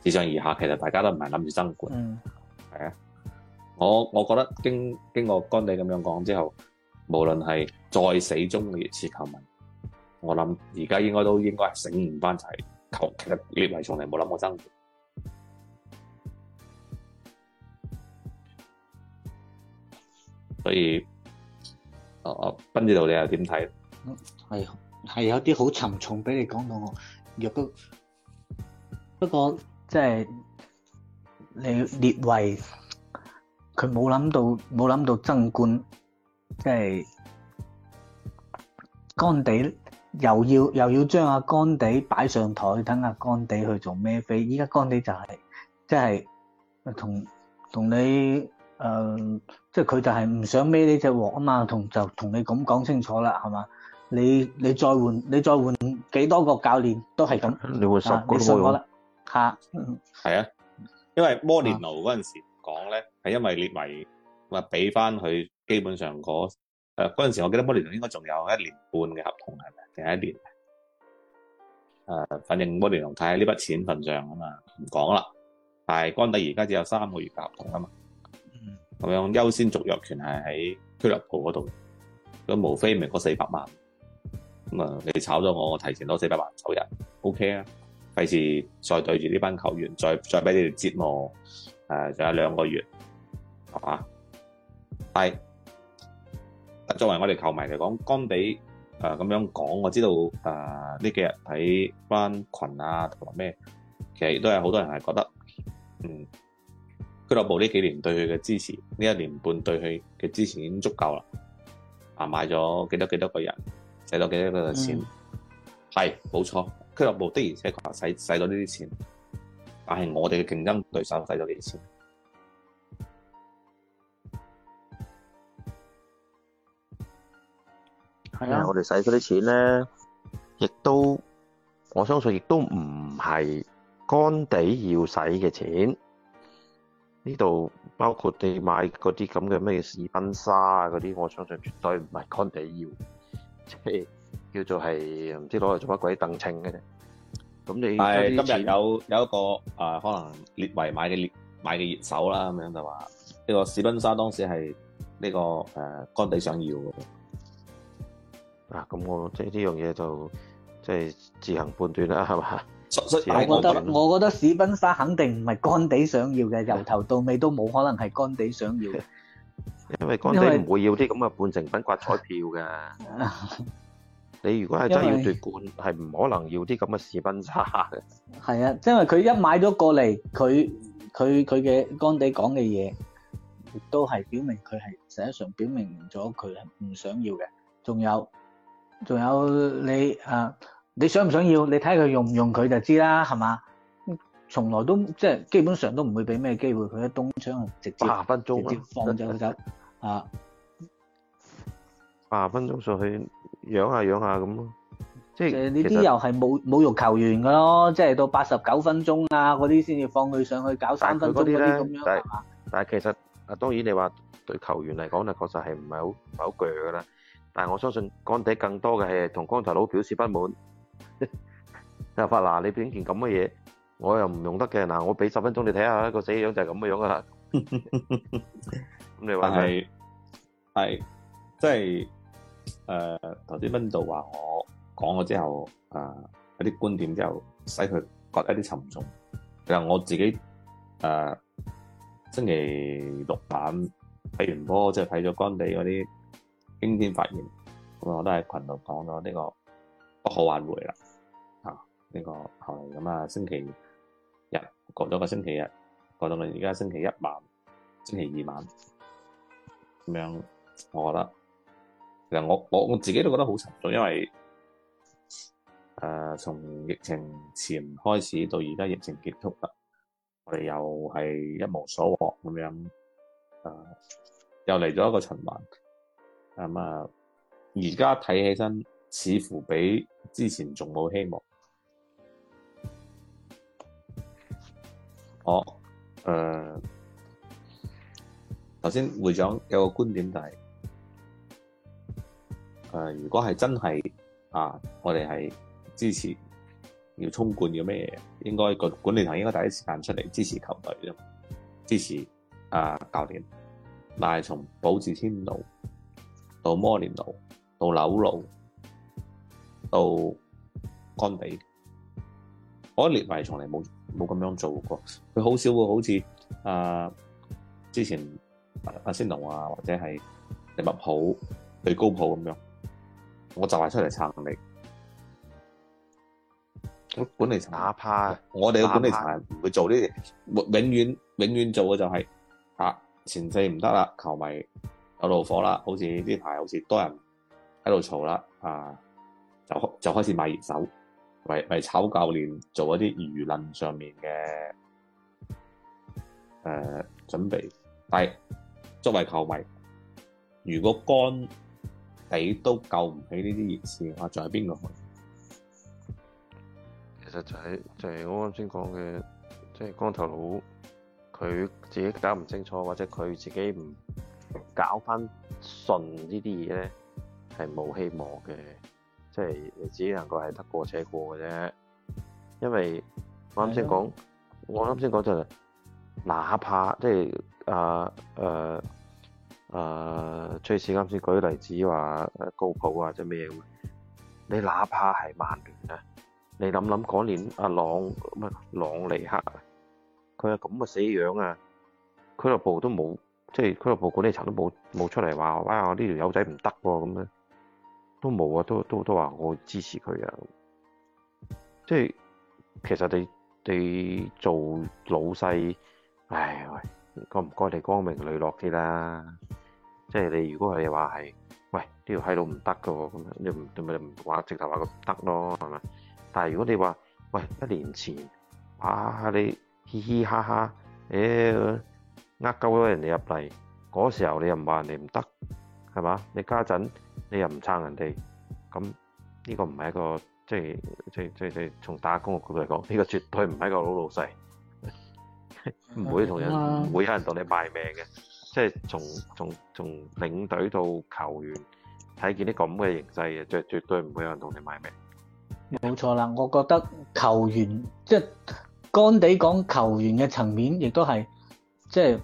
Speaker 1: 自上而下，其實大家都唔係諗住爭冠，嗯，係啊，我我覺得經經過干地咁樣講之後，無論係再死忠嘅熱刺球迷。我諗而家應該都應該醒唔翻齊，求其實列維從嚟冇諗過增，所以，哦哦，斌指導，你又點睇？
Speaker 2: 係係、嗯、有啲好沉重，俾你講到我，若不不過即係、就是、你列維，佢冇諗到冇諗到爭冠，即係干地。又要又要將阿干地擺上台，等阿干地去做咩飛？依家干地就係即係同同你誒，即係佢、呃、就係唔想孭呢隻鑊啊嘛，同就同你咁講清楚啦，係嘛？你你再換你再換幾多個教練都係咁，你會的你信我啦
Speaker 1: 嚇？係、嗯、啊，因為摩連奴嗰陣時候講咧，係因為列維話俾翻佢基本上嗰誒嗰時，我記得摩連奴應該仲有一年半嘅合同係係，係咪？第一年，誒、啊，反正摩哋同睇呢筆錢份上啊嘛，唔講啦。但係干地而家只有三個月合同啊嘛，咁樣優先續約權係喺俱樂部嗰度，咁無非明嗰四百萬。咁啊，你炒咗我，我提前攞四百萬走人，OK 啊？費事再對住呢班球員，再再俾你哋折磨。誒、啊，仲有兩個月，啊，係。作為我哋球迷嚟講，干地。誒咁、啊、樣講，我知道誒呢、啊、幾日睇返群啊，同埋咩，其實亦都係好多人係覺得，嗯，俱樂部呢幾年對佢嘅支持，呢一年半對佢嘅支持已經足夠啦，啊買咗幾多幾多少個人，使咗幾多個錢，係冇、嗯、錯，俱樂部的而且確使使咗呢啲錢，但係我哋嘅競爭對手使咗幾多錢。係啊，我哋使嗰啲錢咧，亦都我相信，亦都唔係乾地要使嘅錢。呢度包括你買嗰啲咁嘅咩士賓沙啊嗰啲，我相信絕對唔係乾地要，即係叫做係唔知攞嚟做乜鬼戥稱嘅啫。咁你係今日有有一個啊、呃，可能列為買嘅列，買嘅熱手啦，咁樣就話呢個士賓沙當時係呢個誒乾地想要嘅。呃啊，咁我即係呢樣嘢就即係自行判斷啦，係嘛？我覺得我
Speaker 2: 覺得史賓沙肯定唔係干地想要嘅，由頭到尾都冇可能係
Speaker 1: 干地想要嘅，因為干地唔會要啲咁嘅半成品刮彩票㗎。你如果係真係要奪冠，係唔可能要啲咁嘅史賓沙嘅。
Speaker 2: 係啊，因為佢一買咗過嚟，佢佢佢嘅干地講嘅嘢，亦都係表明佢係實際上表明咗佢係唔想要嘅，仲有。仲有你啊！你想唔想要？你睇下佢用唔用佢就知啦，係嘛？從來都即係基本上都唔會俾咩機會佢東窗直接，八分鐘直接放走
Speaker 1: 走啊！八分鐘上去養下養下咁咯，即係你啲又係冇冇辱球員噶咯，即
Speaker 2: 係到八十九分鐘啊嗰啲先至放佢上去搞三分鐘嗰啲咁樣，係
Speaker 1: 嘛？但係其實啊，當然你話對球員嚟講，呢確實係唔係好唔係好攰噶啦。但係我相信干地更多嘅係同光頭佬表示不滿，又話嗱，你俾件咁嘅嘢，我又唔用得嘅嗱，我俾十分鐘你睇下，那個死樣就係咁嘅樣啦，啊。咁 你話係係即係誒頭先温導話我講咗之後誒嗰啲觀點之後使佢覺得一啲沉重。其實我自己誒、呃、星期六晚睇完波即係睇咗干地嗰啲。驚天發現，咁我都喺群度講咗呢、這個不可挽回啦。啊，呢、這個後嚟咁啊，星期日過咗個星期日，過到去而家星期一晚、星期二晚咁樣，我覺得其實我我我自己都覺得好沉重，因為誒、呃、從疫情前開始到而家疫情結束啦，我哋又係一無所獲咁樣，誒、呃、又嚟咗一個循環。咁啊，而家睇起身似乎比之前仲冇希望。我、哦、誒、頭、呃、先會長有個觀點、就係，就係誒，如果係真係啊，我哋係支持要衝冠要咩嘢，應該個管理層應該第一時間出嚟支持球隊咯，支持啊教練，但係從保持天到到摩連奴，到柳路，到乾地，我列維從嚟冇冇咁樣做過。佢好少會好似阿之前阿仙奴啊，或者係利物浦對高普咁樣，我就係出嚟撐你。本趴我管理，哪怕我哋嘅管理層唔會做呢啲趴永遠永遠做嘅就係、吓、前四唔得啦，趴球迷。有怒火啦，好似呢排，好似多人喺度嘈啦啊！就就開始買熱手，為為炒教練做一啲輿論上面嘅誒、呃、準備。但係作為球迷，如果干地都救唔起呢啲熱事嘅話，仲有邊個？去其實就係、是、就係、是、我啱先講嘅，即係光頭佬佢自己搞唔清楚，或者佢自己唔。搞翻純呢啲嘢咧，係冇希望嘅，即係你只能夠係得過且過嘅啫。因為我啱先講，的我啱先講就係、是，哪怕即係啊誒誒，Chase 啱先舉例子話阿高普啊，即係咩嘢？你哪怕係曼聯啊，你諗諗嗰年阿朗乜朗尼克，啊，佢係咁嘅死樣啊，俱樂部都冇。即係俱樂部管理層都冇冇出嚟話，哇！我呢條友仔唔得喎，咁樣都冇啊，都都都話我支持佢啊！即係其實你你做老細，唉，該唔該你光明磊落啲啦！即係你如果係話係，喂，呢條閪佬唔得嘅喎，咁樣你唔你咪唔話直頭話佢唔得咯，係咪？但係如果你話，喂，一年前啊，你嘻嘻哈哈，誒～呃鳩咗人哋入嚟，嗰時候你又唔話人哋唔得，係嘛？你家陣你又唔撐人哋，咁呢個唔係一個即係即即即從打工嘅角度嚟講，呢、呢個絕對唔係一個老老細，唔 會同人，唔、啊、會有人同你賣命嘅。即係從從從領隊到球員，睇見啲咁嘅形勢嘅，絕絕對唔會有人同你賣命。
Speaker 2: 冇錯啦，我覺得球員即、即係、干地講球員嘅層面，亦都係即。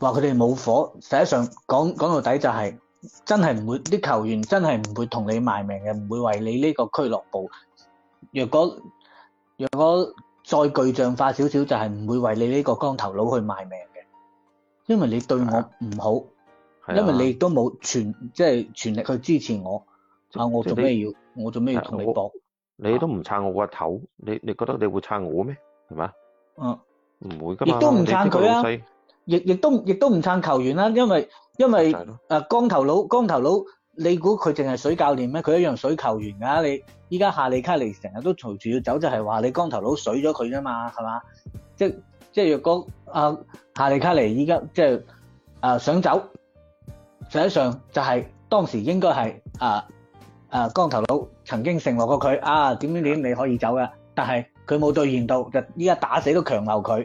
Speaker 2: 話佢哋冇火，實際上講講到底就係、是、真係唔會啲球員真係唔會同你賣命嘅，唔會為你呢個俱樂部。若果若果再具象化少少，就係、是、唔會為你呢個光頭佬去賣命嘅，因為你對我唔好，啊啊、因為你亦都冇全即係、就是、全力去支持我。
Speaker 1: 啊、啊，我做咩要、啊、我做咩要同你搏？你都唔撐我個頭，啊、你你覺得你會撐我咩？係、嗯、嘛？嗯、啊，唔會噶嘛，亦都唔撐佢啊。
Speaker 2: 亦亦都亦都唔撐球員啦，因為因為誒光頭佬，光頭佬，你估佢淨係水教練咩？佢一樣水球員噶。你依家夏利卡尼成日都嘈住要走，就係、是、話你光頭佬水咗佢啫嘛，係嘛？即即若果阿、啊、夏利卡尼依家即誒、啊、想走，實際上就係當時應該係誒誒光頭佬曾經承諾過佢啊點點點你可以走噶，但係佢冇兌
Speaker 1: 現到，就依家打死都強留佢。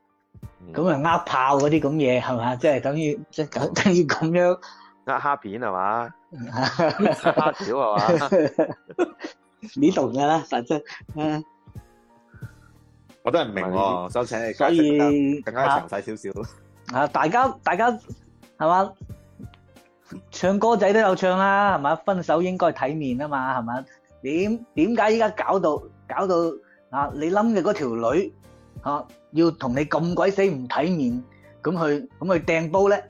Speaker 2: 咁啊，呃炮嗰啲咁嘢係嘛，即係等於即係咁等於咁樣，呃蝦片係嘛，蝦條係嘛，你懂噶啦，反正，我
Speaker 1: 都係唔明，想請你所以更加詳
Speaker 2: 細少少啊！大家大家係嘛，唱歌仔都有唱啦，係嘛，分手應該體面啊嘛，係嘛，點點解依家搞到搞到啊？你諗嘅嗰條女？吓，要同你咁鬼死唔體面，咁去咁去掟煲咧，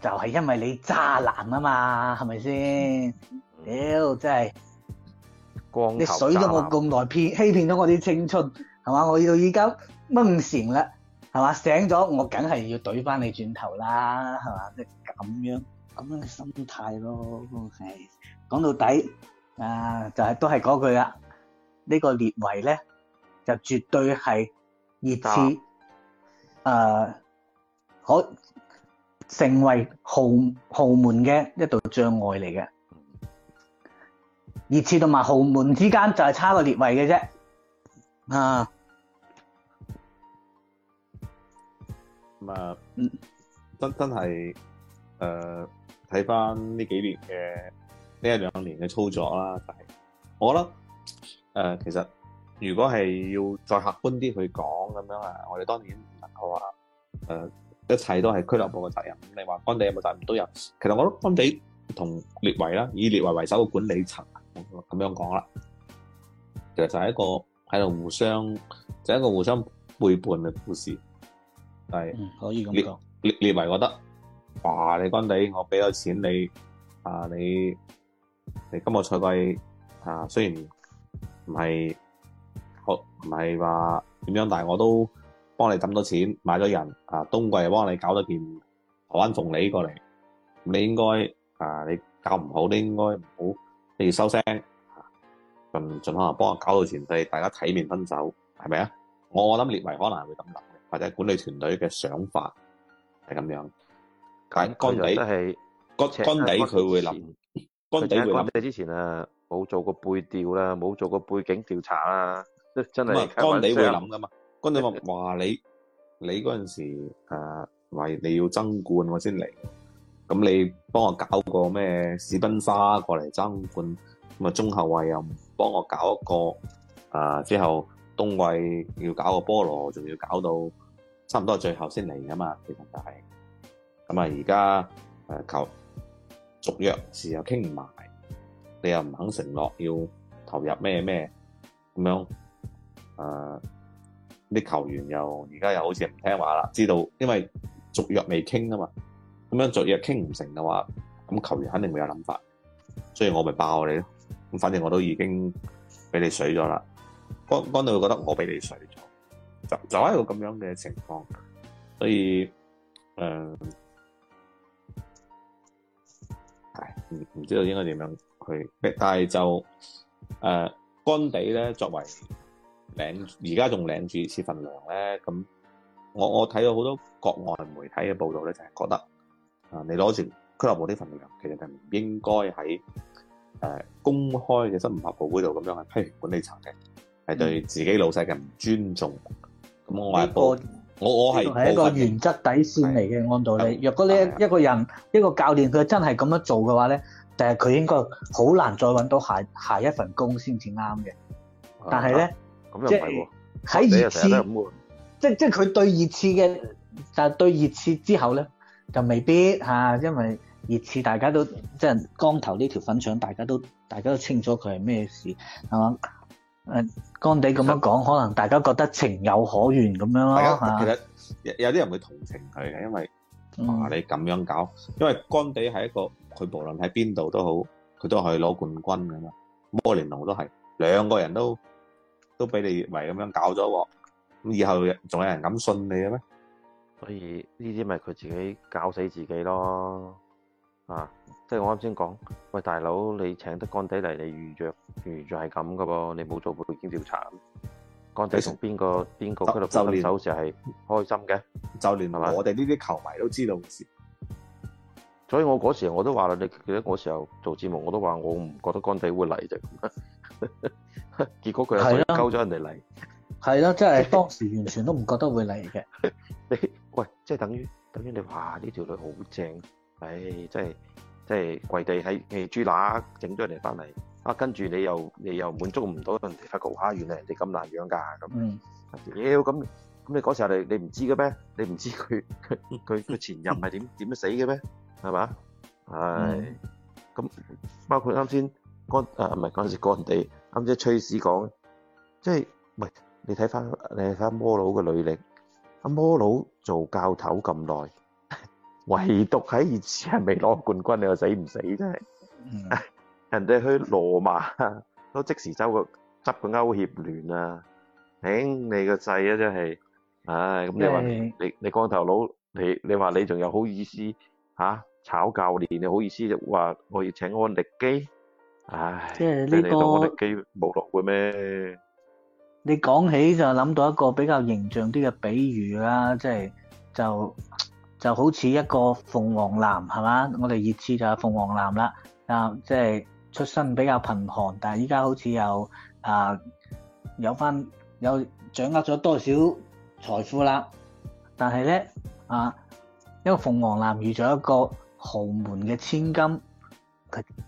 Speaker 2: 就係因為你渣男啊嘛，係咪先？屌，真
Speaker 1: 係，你水都冇咁
Speaker 2: 耐，騙欺騙咗我啲青春，係嘛？我到依家夢醒啦，係嘛？醒咗，我梗係要懟翻你轉頭啦，係嘛？即係咁樣咁樣嘅心態咯，係講到底，啊，就係都係嗰句啦，呢個列維咧就絕對係。熱刺，誒好、啊呃、成為豪豪門嘅一道障礙嚟嘅。熱刺同埋豪門之間就係差個列位嘅啫。啊，咁
Speaker 1: 啊、嗯，真真係誒睇翻呢幾年嘅呢一兩年嘅操作啦。我覺得誒、呃、其實。如果係要再客觀啲去講咁樣啊，我哋當然唔能夠話，誒一切都係俱樂部嘅責任。咁你話干地有冇責任都有。其實我覺得干地同列維啦，以列維為首嘅管理層咁樣講啦，其實就係一個喺度互相就係、一個互相背叛嘅故事。係、就是嗯，可以咁講。列列維覺得，哇！你干地，我俾咗錢你，啊你你今個賽季啊雖然唔係。唔係話點樣，但係我都幫你掟到錢買咗人啊。冬季幫你搞咗件台灣鳳梨過嚟，你應該啊，你搞唔好你應該唔好你要收聲，盡盡可能幫我搞到前世大家體面分手，係咪啊？我諗列維可能係會咁諗，或者管理團隊嘅想法係咁樣，啊、但係乾地、啊啊、乾地、啊啊、乾地佢會諗、啊啊，乾地乾你之前啊，冇做過背調啦，冇做過背景調查啦。咁你幹會諗噶嘛？幹你話你，你嗰陣時誒、啊、你要爭冠，我先嚟。咁你幫我搞個咩史賓沙過嚟爭冠？咁啊中後衞又幫我搞一個啊？之後冬衞要搞個菠蘿，仲要搞到差唔多最後先嚟噶嘛？其實咁大？咁啊而家求球續約事又傾唔埋，你又唔肯承諾要投入咩咩咁樣誒，啲、啊、球員又而家又好似唔聽話啦，知道因為續約未傾啊嘛，咁樣續約傾唔成嘅話，咁球員肯定會有諗法，所以我咪爆你咯。咁反正我都已經俾你水咗啦，干干你會覺得我俾你水咗，就就係一個咁樣嘅情況，所以誒，唔、呃、唔知道應該點樣去，但係就誒，干、呃、地咧作為。現在還領而家仲領住是份糧咧，咁我我睇到好多國外媒體嘅報道咧，就係、是、覺得啊，你攞住俱樂部呢份糧，其實就唔應該喺誒、呃、公開嘅新聞發布會度咁樣去批評管理層嘅，係對自己老細嘅唔尊重。咁我一、這個我我係係一個原
Speaker 2: 則底線嚟嘅，按道理，若、嗯、果你一一個人、嗯、一個教練佢真係咁樣做嘅話咧，誒佢、嗯、應該好難再揾到下一下一份工先至啱嘅。嗯、但係咧。嗯咁又唔係喎，喺熱刺，即即佢對熱刺嘅，但對熱刺之後咧，就未必嚇、啊，因為熱刺大家都即係光頭呢條粉腸，大家都大家都清楚佢係咩事，係嘛？誒、呃，干地咁樣講，實可能大家覺得情有可原咁樣咯，其
Speaker 1: 實家吧有啲人會同情佢嘅，因為哇、嗯啊，你咁樣搞，因為干地係一個佢無論喺邊度都好，佢都可以攞冠軍咁啊，摩連奴都係兩個人都。都俾你為咁樣搞咗，咁以後仲有人咁信你嘅咩？所以呢啲咪佢自己搞死自己咯，啊！即係我啱先講，喂大佬，你請得干地嚟，你預着預着係咁噶噃，你冇做背景調查。干地同邊個邊個喺度分手時係開心嘅？就連,就連我哋呢啲球迷吧都知道不。所以我嗰時我都話啦，你記得我時候做節目，我都話我唔覺得干地會嚟啫。就是結果佢又勾咗人哋嚟，
Speaker 2: 係咯，即係當時完全都唔覺得會嚟嘅。
Speaker 1: 你喂，即係等於等於你話呢條女好正，唉，即係即係跪地喺豬乸整咗人哋翻嚟啊！跟住你又你又滿足唔到人哋發覺，吓，原來人哋咁難養噶
Speaker 3: 咁。
Speaker 1: 嗯，妖咁咁你嗰時候你你唔知嘅咩？你唔知佢佢佢佢前任係點點樣死嘅咩？係嘛？係咁，包括啱先。干誒唔係嗰陣時干地，啱先 Chase 講，即係喂你睇翻你睇翻摩佬嘅履歷，阿摩佬做教頭咁耐，唯獨喺熱刺係未攞冠軍，你話死唔死真係？Mm hmm. 人哋去羅馬都即時走個執個歐協聯啊！頂、欸、你個肺啊，啊！真係，唉咁 Okay. 你話你你光頭佬，你你話你仲有好意思嚇、啊、炒教練？你好意思話我要請安力基？唉，即係呢個，冇落嘅咩？
Speaker 2: 你講起就諗到一個比較形象啲嘅比喻啦，啊，即係就是、就，就好似一個鳳凰男係嘛？我哋熱刺就係鳳凰男啦，啊，即係出身比較貧寒，但係依家好似有啊有翻有掌握咗多少財富啦，但係咧啊，因為一個鳳凰男遇咗一個豪門嘅千金。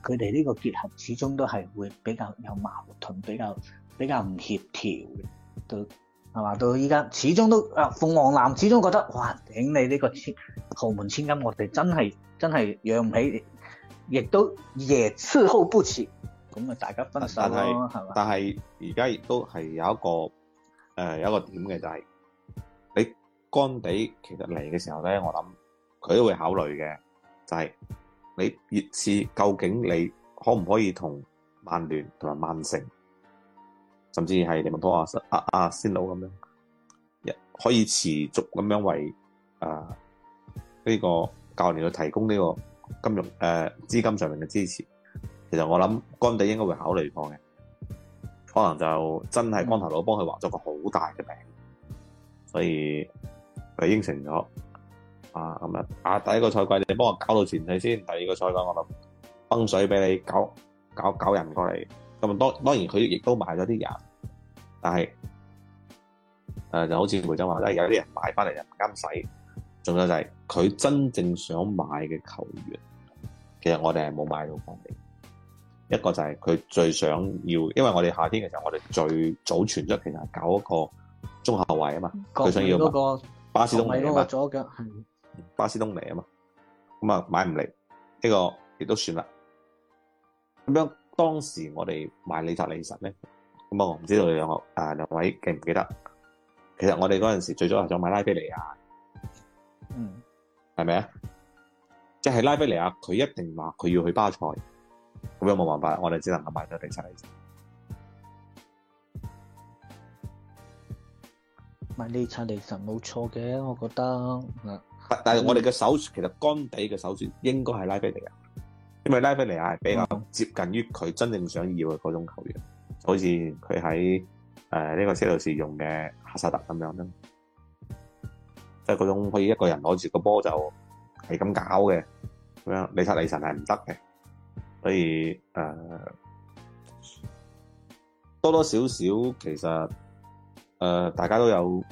Speaker 2: 佢哋呢個結合始終都係會比較有矛盾，比較比較唔協調嘅，都係嘛，到依家始終都誒、啊，鳳凰男始終覺得哇，頂你呢、這個豪門千金我，我哋真係真係養唔起，亦、嗯、都夜伺候唔切。」咁啊，大家分手咯，係嘛是？吧但
Speaker 1: 係而家亦都係有一個誒、呃，有一個點嘅就係、是，你干地其實嚟嘅時候咧，我諗佢都會考慮嘅，就係、是。你熱刺究竟你可唔可以同曼聯同埋曼城，甚至係利物浦啊、阿阿仙奴咁樣，可以持續咁樣為啊呢、呃這個教練去提供呢個金融誒、呃、資金上面嘅支持？其實我諗干地應該會考慮過嘅，可能就真係光頭佬幫佢畫咗個好大嘅餅，所以佢應承咗。啊，咁啊，啊，第一個賽季你幫我搞到前四先，第二個賽季我就泵水俾你搞，搞搞人過嚟。咁當當然佢亦都買咗啲人，但係誒、呃、就好似梅州話咧，就是、有啲人買翻嚟又唔啱使。仲有就係佢真正想買嘅球員，其實我哋係冇買到方面。一個就係佢最想要，因為我哋夏天嘅時候，我哋最早傳出其實係搞一個中後衛啊嘛。佢、那個、想要買巴士那個巴斯東尼左腳係。嘛巴斯東尼啊嘛，咁啊買唔嚟呢個亦都算啦。咁樣當時我哋買理查利什咧，咁啊我唔知道你兩個啊兩位記唔記得？其實我哋嗰陣時最早係想買拉菲尼亞，嗯，係咪啊？即係拉菲尼亞佢一定話佢要去巴塞，咁有冇辦法？我哋只能夠買咗理查利什。買理查利什冇錯嘅，我覺得但係我哋嘅首選其實乾地嘅首選應該係拉菲尼亞，因為拉菲尼亞係比較接近於佢真正想要嘅嗰種球員，好似佢喺誒呢個車路士用嘅哈薩特咁樣咯，即係嗰種可以一個人攞住個波就係咁搞嘅咁樣，理查利神係唔得嘅，所以誒、呃、多多少少其實誒、呃、大家都有。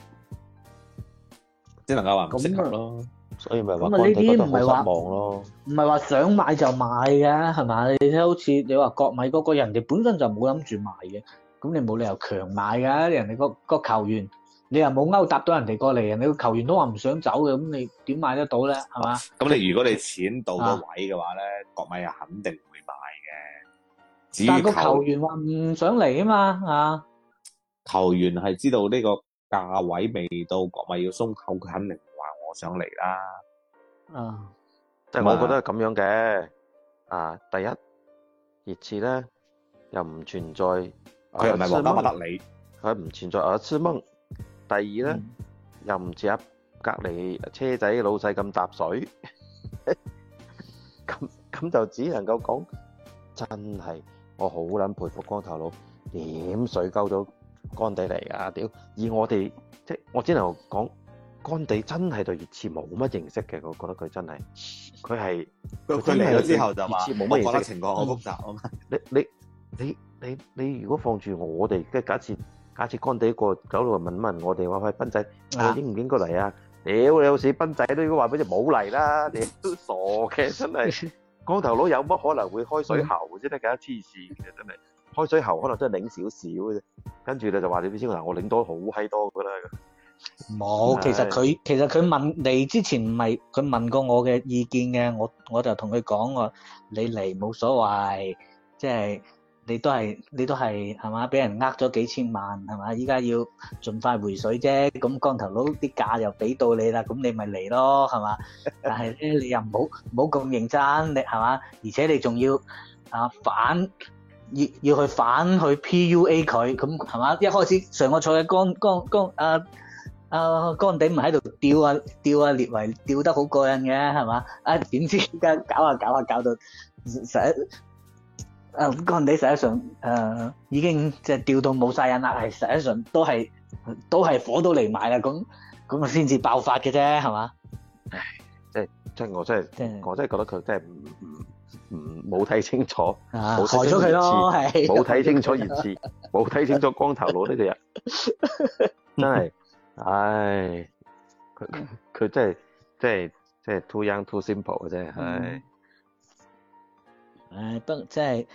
Speaker 1: 只能夠話唔適合咯，所以咪話鋼鐵哥都失望咯。
Speaker 2: 唔係話想買就買嘅，係嘛？你睇好似你話國米嗰個人哋本身就冇諗住賣嘅，咁你冇理由強買嘅。人哋個個球員，你又冇勾搭到人哋過嚟，人哋個球員都話唔想走嘅，咁你點買得到咧？係嘛？
Speaker 1: 咁你如果你錢到咗位嘅話咧，國米啊肯定會賣嘅。但係個球員
Speaker 2: 話唔想嚟啊嘛，啊！
Speaker 1: 球員係知道呢個。價位未到，國米要鬆口，佢肯定話我上嚟啦。
Speaker 2: 啊，嗯、
Speaker 3: 即係我覺得係
Speaker 1: 咁樣嘅。啊，第一，熱刺咧又唔存在佢唔係黃包不得你，佢唔、呃、存在黃掹。呃呃呃、第二咧、嗯、又唔似阿隔籬車仔老細咁搭水，咁 咁就只能夠講，真係我好捻佩服光頭佬點水溝到。干地嚟㗎，屌！以我哋即係我只能講，干地真係對熱刺冇乜認識嘅，我覺得佢真係佢係佢佢嚟咗之後就話冇乜認識情況，好複雜。你你你你你如果放住我哋，即係假設假設干地過走路嚟問問我哋話：喂，斌仔，你應唔應該嚟啊？屌、啊，你有時斌仔都話俾你冇嚟啦，你都傻嘅真係。光頭佬有乜可能會開水喉先得㗎？黐線嘅真係。真開水喉可能都係領少少啫，跟住咧就話你點先嗱？我領多好閪多㗎啦。冇，其實
Speaker 2: 佢其實佢問嚟之前，唔係佢問過我嘅意見嘅。我我就同佢講我你嚟冇所謂，即係你都係你都係係嘛俾人呃咗幾千萬係嘛？依家要盡快回水啫。咁光頭佬啲價又俾到你啦，咁你咪嚟咯係嘛？但係咧你又唔好唔好咁認真，你係嘛？而且你仲要啊反。要要去反去 PUA 佢咁係嘛？一開始上我坐喺干干干啊啊干地唔喺度吊啊吊啊列維吊得好過癮嘅係嘛？哎、啊點知而家搞下搞下搞到實啊干地實質上誒已經即係吊到冇晒人啦，係實質上都係都係火都嚟埋啦，咁咁先至爆發嘅啫係嘛？唉，
Speaker 1: 即係即係我即係我真係、就是、覺得佢真係唔唔。唔冇睇清楚，抬咗佢咯，冇睇清楚熱刺，冇睇 清楚光頭佬呢個人， 真係，唉，佢佢真係真係真係 too young too simple 啊真係，
Speaker 2: 嗯、唉，不即係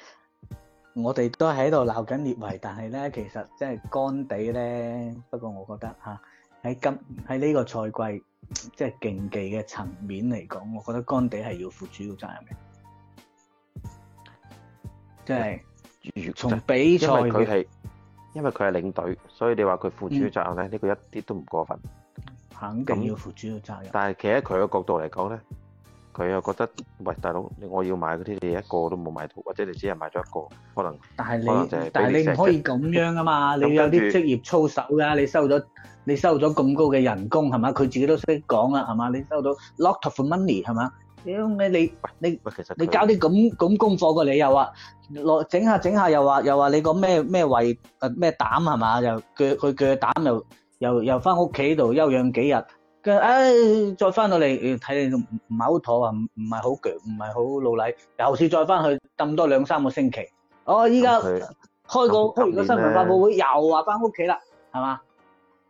Speaker 2: 我哋都喺度鬧緊列維，但係咧其實即係干地咧，不過我覺得吓喺今喺呢個賽季即係競技嘅層面嚟講，我覺得干地係要負主要責任嘅。即係，如從比賽因為佢係，因為佢係，
Speaker 1: 因為佢係領隊，所以你話佢負主要責任咧，呢、嗯、呢個一啲都唔過分，肯定要負主要責任。那但係企喺佢嘅角度嚟講咧，佢又覺得，喂，大佬，我要買嗰啲，你一個都冇買到，或者你只係買咗一個，可能。但係你，是你但係你唔可以咁
Speaker 2: 樣啊嘛！ 你有啲職
Speaker 1: 業操守㗎，你收咗，你收咗咁
Speaker 2: 高嘅人工係嘛？佢自己都識講啦係嘛？你收到 lot of money 係嘛？屌你你你，你搞啲咁咁功課嘅你又話，攞整下整下又話又話你個咩咩胃啊咩膽係嘛，又鋸佢鋸膽又又又翻屋企度休養幾日，跟住唉再翻到嚟睇你唔唔唔係好妥啊，唔唔係好腳唔係好老禮，又是再翻去冧多兩三個星期，哦依家
Speaker 1: 開個開完個新聞發佈會
Speaker 2: 又話翻屋企啦，
Speaker 1: 係嘛？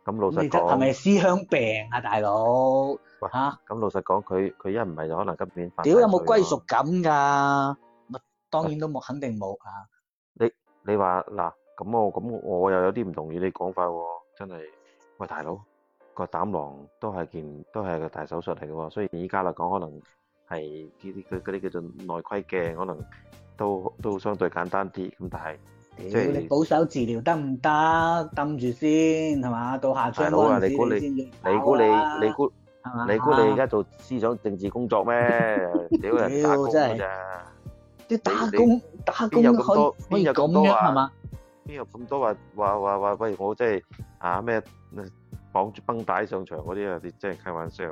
Speaker 1: 咁老實講係咪思鄉病啊大佬？吓，咁老實講，佢佢一唔係就可能今年翻。屌有冇歸屬感噶？
Speaker 2: 乜當然都冇，肯定冇啊！
Speaker 1: 你你話嗱，咁我咁我又有啲唔同意你講法喎，真係喂大佬，個膽囊都係件都係個大手術嚟嘅喎，所以依家嚟講可能係啲啲佢嗰啲叫做內窺鏡，可能都都相對簡單啲，咁但係即係你
Speaker 2: 保守治療得唔得？氹住先係嘛？到下場嗰陣
Speaker 1: 時先要搞啦。係咪你估你而家做思想政治工作咩？屌 人打工咋？
Speaker 2: 啲打工打工，邊有咁多？邊有咁多
Speaker 1: 啊？邊有咁多話話話話？喂，我真、就、係、是、啊咩？綁住繃帶上場嗰啲啊，真 哎、呀你真係開玩笑。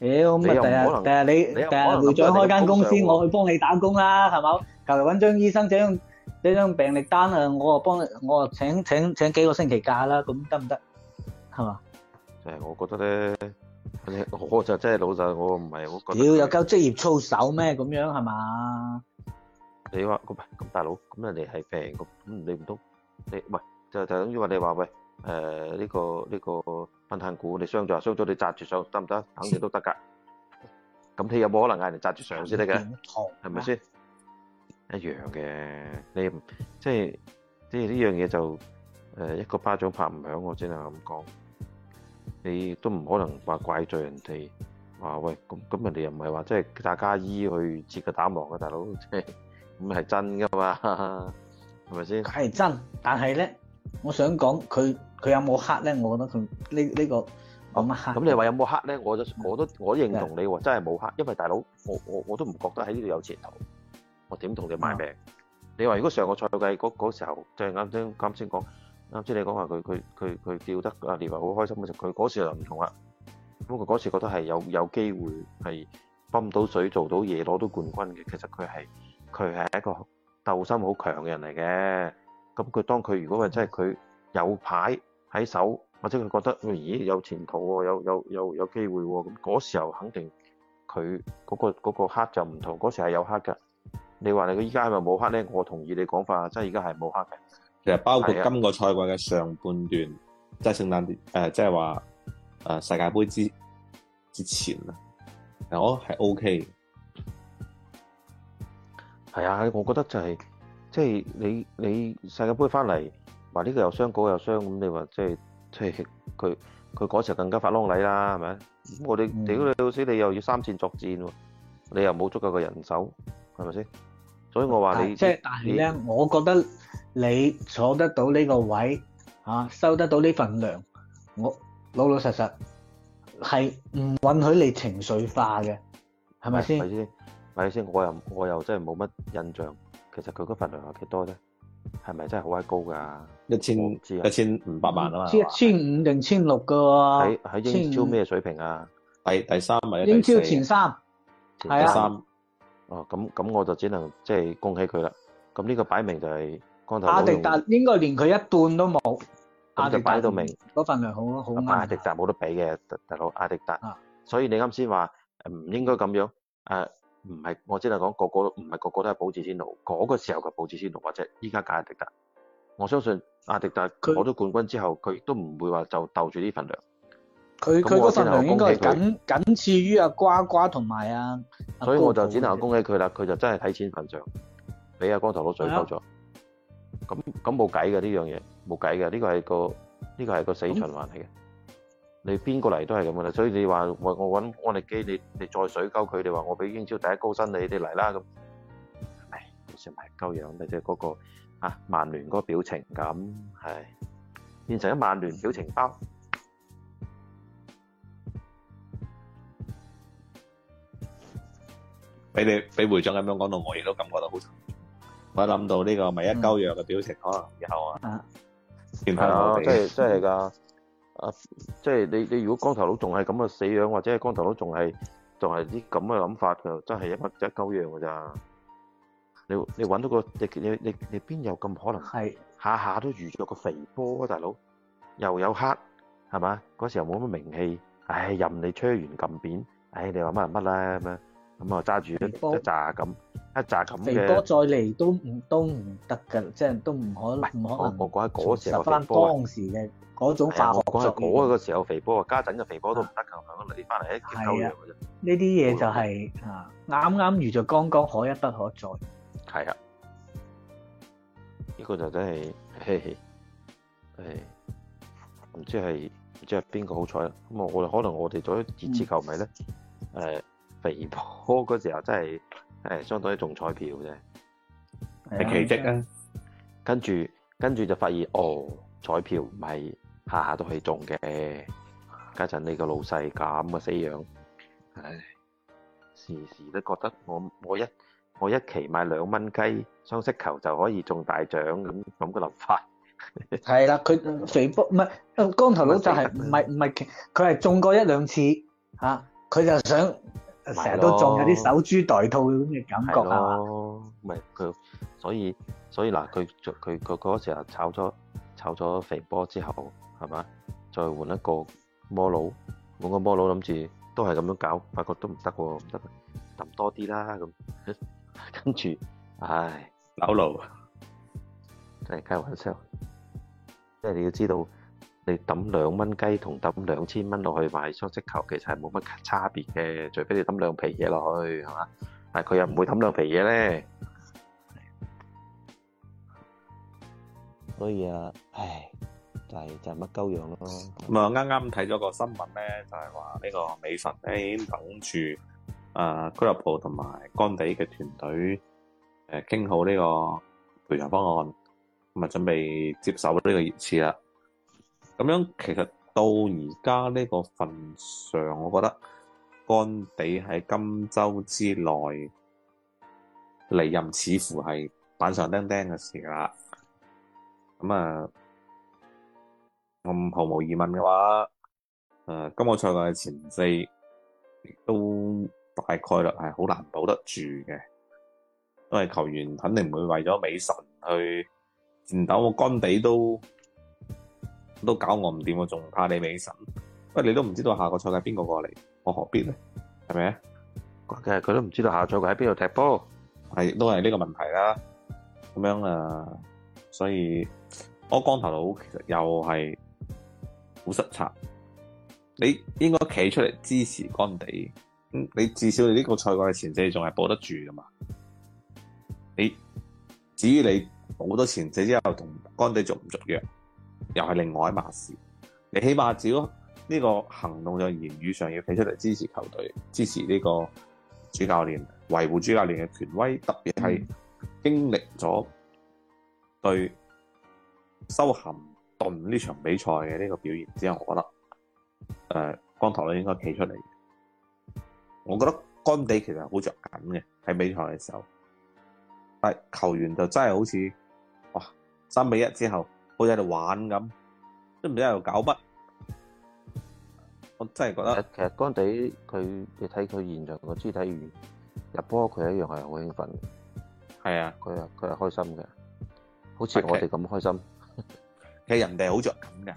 Speaker 1: 屌、哎，咪第日第日你第日會長開間公司，我去
Speaker 2: 幫你打工啦、啊，係冇？隔籬揾張醫生張呢張病歷單啊，我啊幫我啊請請請幾個星期假啦，咁得唔得？
Speaker 1: 係嘛？誒， 我覺得咧。我就真係老實，我唔係好覺你要有夠職業操
Speaker 2: 守咩？咁樣係嘛？
Speaker 1: 你話唔係咁大佬，咁人哋係平咁，咁你唔通？你唔係就就等於話你話喂，誒、呃、呢、這個呢、這個噴炭股，你雙做雙做，你扎住上得唔得？肯定都得噶。咁你有冇可能嗌人扎住上先得噶？係咪先？是是啊、一樣嘅，你即係即係呢樣嘢就誒、呃、一個巴掌拍唔響，我只能咁講。你都唔可能話怪罪人哋，話喂，咁咁人哋又唔係話即係大家衣去接個打囊嘅，啊、大佬，咁 係真噶嘛？係咪先？係真，但係咧，
Speaker 2: 我想講佢佢有冇黑咧？我覺得佢、這個這個、呢、哦嗯、有
Speaker 1: 有呢個咁黑。咁你話有冇黑咧？我我都我認同你，真係冇黑，因為大佬，我我我都唔覺得喺呢度有前途，我點同你賣命？嗯、你話如果上個賽季嗰嗰時候，即係啱先啱先講。啱先你講話佢佢佢佢叫得啊！黎華好開心嘅時候，佢嗰時就唔同啦。咁佢嗰時覺得係有有機會係泵到水做到嘢攞到冠軍嘅，其實佢係佢係一個鬥心好強嘅人嚟嘅。咁佢當佢如果話真係佢有牌喺手，或者佢覺得咦有前途喎、哦，有有有有機會喎、哦，咁嗰時候肯定佢嗰個嗰個黑就唔同。嗰時係有黑嘅。你話你佢依家係咪冇黑咧？我同意你講法，即係而家係冇黑嘅。其實包括今個賽季嘅上半段，即係聖誕節誒，即係話誒世界杯之之前啊，我係 O K。係、OK、啊，我覺得就係、是、即係你你世界杯翻嚟，話呢個又傷，嗰、那個又傷，咁、那個、你話、就是、即係即係佢佢嗰時候更加發啷禮啦，係咪？我哋屌、嗯、你到屎，你又要三線作戰，你又冇足夠嘅人手，係咪先？所以我話你即係，但係咧，
Speaker 2: 我覺得。你坐得到呢個位啊，收得到呢份糧，我老老實實
Speaker 1: 係唔允許你情緒化嘅，係咪先？係先、哎，係先，我又我又真係冇乜印象，其實佢嗰份糧係幾多咧？係咪真係好鬼高噶？一千至一千五百萬啊嘛，一千五定千六噶喎？喺喺英超咩水平啊？第第三咪英超前三，前三，啊、哦咁咁我就只能即係恭喜佢啦。咁呢個擺明就係、是。阿迪達
Speaker 2: 應該連佢一段都冇，迪
Speaker 1: 達阿迪達擺到明，嗰份量好，好阿迪達冇得比嘅，大佬阿迪達，所以你啱先話唔應該咁樣。誒，唔係我只係講個個唔係個個都係保子先奴。嗰個，個、那個時候嘅保子先奴，或者依家梗阿迪達。我相信阿迪達攞咗冠軍之後，佢都唔會話就鬥住呢份量。佢佢他份量應該係緊
Speaker 2: 緊次於阿瓜瓜同埋啊，所以我就只能
Speaker 1: 恭喜佢啦，佢就真係睇錢份上，俾阿光頭佬最高咗。咁咁冇計嘅呢樣嘢，冇計嘅呢個係個呢個係個死循環嚟嘅。你邊個嚟都係咁噶啦，所以你話我我搵安利機，你你再水溝佢哋話我俾英超第一高薪，你哋嚟啦咁，係咪？好似唔係溝樣，咪即係嗰個啊曼聯嗰個表情咁係，變成咗曼聯表情包。俾你俾會長咁樣講到，我亦都感覺到好。我諗到呢個咪一鳩樣嘅表情，可能以後啊，全香港地啊，即係即係噶，啊，即係你你如果光頭佬仲係咁嘅死樣，或者係光頭佬仲係仲係啲咁嘅諗法就真係一乜一鳩樣嘅咋？你你揾到個你你你你邊有咁可能？係下下都遇着個肥波啊大佬，又有黑，係嘛？嗰時候冇乜名氣，唉，任你吹完撳扁，唉，你話乜係乜啦咁啊！咁啊，揸住、嗯、一波一扎咁，一扎咁肥波
Speaker 2: 再嚟都唔都唔得噶，即係都唔可能
Speaker 1: 唔不可能。我我我喺嗰時候，翻當時嘅嗰
Speaker 2: 種化學作用。我喺
Speaker 1: 嗰時候肥波啊，家陣嘅肥波都唔得嘅，咁嚟翻嚟，哎，太鳩樣嘅
Speaker 2: 呢啲嘢就係啊，啱啱遇著剛剛可一不可再。啊，呢、這
Speaker 1: 個就真、是、係，嘿嘿，唔知係唔知係邊個好彩咁我哋可能我哋做熱刺球迷咧，誒、嗯。呃肥波嗰時候真係係相當於中彩票啫，係奇蹟啊！跟住跟住就發現哦、喔，彩票唔係下下都可以中嘅。家陣呢個老細咁嘅死樣，唉時時都覺得我我一我一期買兩蚊雞雙色球就可以中大獎咁咁嘅諗法係啦。佢肥波，唔係啊，光頭佬就係唔係唔係
Speaker 2: 佢係中過一兩次嚇，佢、啊、就想。
Speaker 1: 成日都仲有啲守
Speaker 2: 株待兔咁嘅感覺啊，
Speaker 1: 咪佢所以所以嗱佢佢佢嗰時候炒咗炒咗肥波之後，係嘛？再換一個摩佬，換個摩佬諗住都係咁樣搞，發覺都唔得喎，唔得抌多啲啦咁。跟住，唉，扭路真係開玩笑，即係你要知道。你抌兩蚊雞同抌兩千蚊落去買雙色球，其實係冇乜差別嘅。除非你抌兩皮嘢落去，係嘛？但係佢又唔會抌兩皮嘢咧。所以啊，唉，就係就係乜鳩樣咯。咁啊，啱啱睇咗個新聞咧，就係話呢個美神咧已經等住啊，俱樂部同埋干地嘅團隊誒傾好呢個賠償方案，咁啊準備接手呢個熱刺啦。咁樣其實到而家呢個份上，我覺得干地喺今週之內離任似乎係板上釘釘嘅事啦。咁、嗯、啊，我毫無疑問嘅話，誒、呃、今個賽季前四亦都大概率係好難保得住嘅，因為球員肯定唔會為咗美神去戰鬥。我干地都。都搞我唔掂，我仲怕你美神？喂，你都唔知道下個賽季邊個過嚟，我何必咧？係咪？佢，佢都唔知道下個賽季喺邊度踢波，係都係呢個問題啦。咁樣啊，所以我光頭佬其實又係好失策。你應該企出嚟支持干地。你至少你呢個賽季嘅前四仲係保得住噶嘛？至於，你至於你保到前四之後同干地續唔續約？又係另外一碼事，你起碼只要呢個行動就言語上要企出嚟支持球隊，支持呢個主教練，維護主教練嘅權威。特別係經歷咗對修咸頓呢場比賽嘅呢個表現之後，我覺得誒、呃，光頭佬應該企出嚟。我覺得干地其實好着緊嘅，喺比賽嘅時候，但係球員就真係好似哇三比一之後。佢喺度玩咁，都唔知喺度搞乜。我真係覺得。其實，其實干地佢，你睇佢現場個肢體語言入波，佢一樣係好興奮。係啊，佢啊，佢係開心嘅，好似我哋咁開心。Okay. 其實人哋好着緊嘅。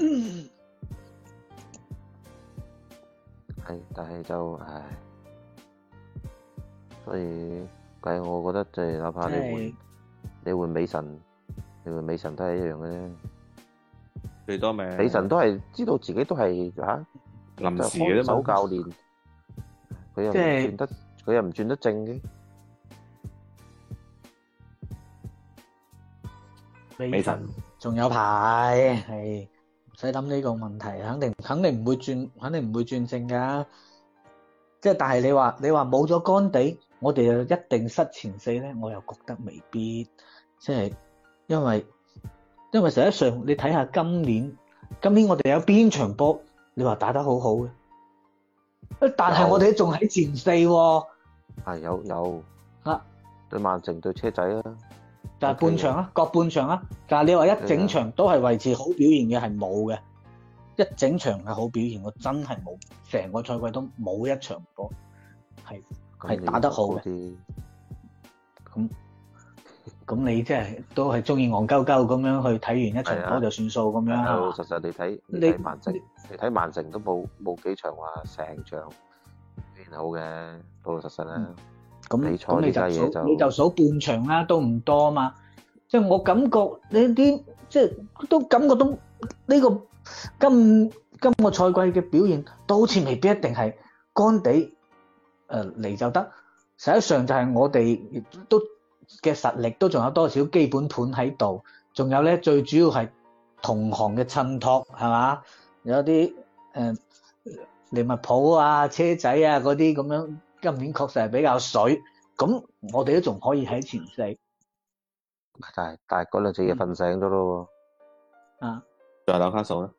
Speaker 3: 嗯
Speaker 1: 係，但係就唉，所以，咁我覺得就係哪怕你換，是你換美神。美神都係一樣嘅咧，最多咩，美神都係知道自己都係嚇
Speaker 2: 臨時嘅嘛，教
Speaker 1: 練佢又唔轉得，佢又唔轉得正嘅。
Speaker 2: 美神仲有排，係唔使諗呢個問題，肯定肯定唔會轉，肯定唔會轉正噶。即係，但係你話，你話冇咗干地，我哋就一定失前四咧。我又覺得未必，即係。因為因為實際上你睇下今年今年我哋有邊場波，你話打得好好嘅，但係我哋仲喺前四喎、哦。係有有，有啊，對曼城對車仔啊 okay.，但係半場啊，各半場啊，但係你話一整場都係維持好表現嘅係冇嘅，的一整場係好表現我真係冇，成個賽季都冇一場波係係打得好嘅。咁咁你即係都係中意戇鳩鳩咁樣去睇完一場波就算
Speaker 1: 數咁樣，老老實實地睇。你睇曼城，你睇曼城都冇冇幾場話成場先好嘅，老老實實啦。咁你坐你就你就
Speaker 2: 數半場啦，都唔多嘛。即係我感覺你啲即係都感覺到呢個今今個賽季嘅表現都好似未必一定係乾地誒嚟就得。實際上就係我哋亦都。嘅實力都仲有多少基本盤喺度？仲有咧，最主要係同行嘅襯托，係嘛？有啲誒，利物浦啊、車仔啊嗰啲咁樣，今年確實係比較水。咁我哋都仲可以喺前四。
Speaker 1: 但係但係嗰兩隻嘢瞓醒咗咯。啊，就紐卡素啦。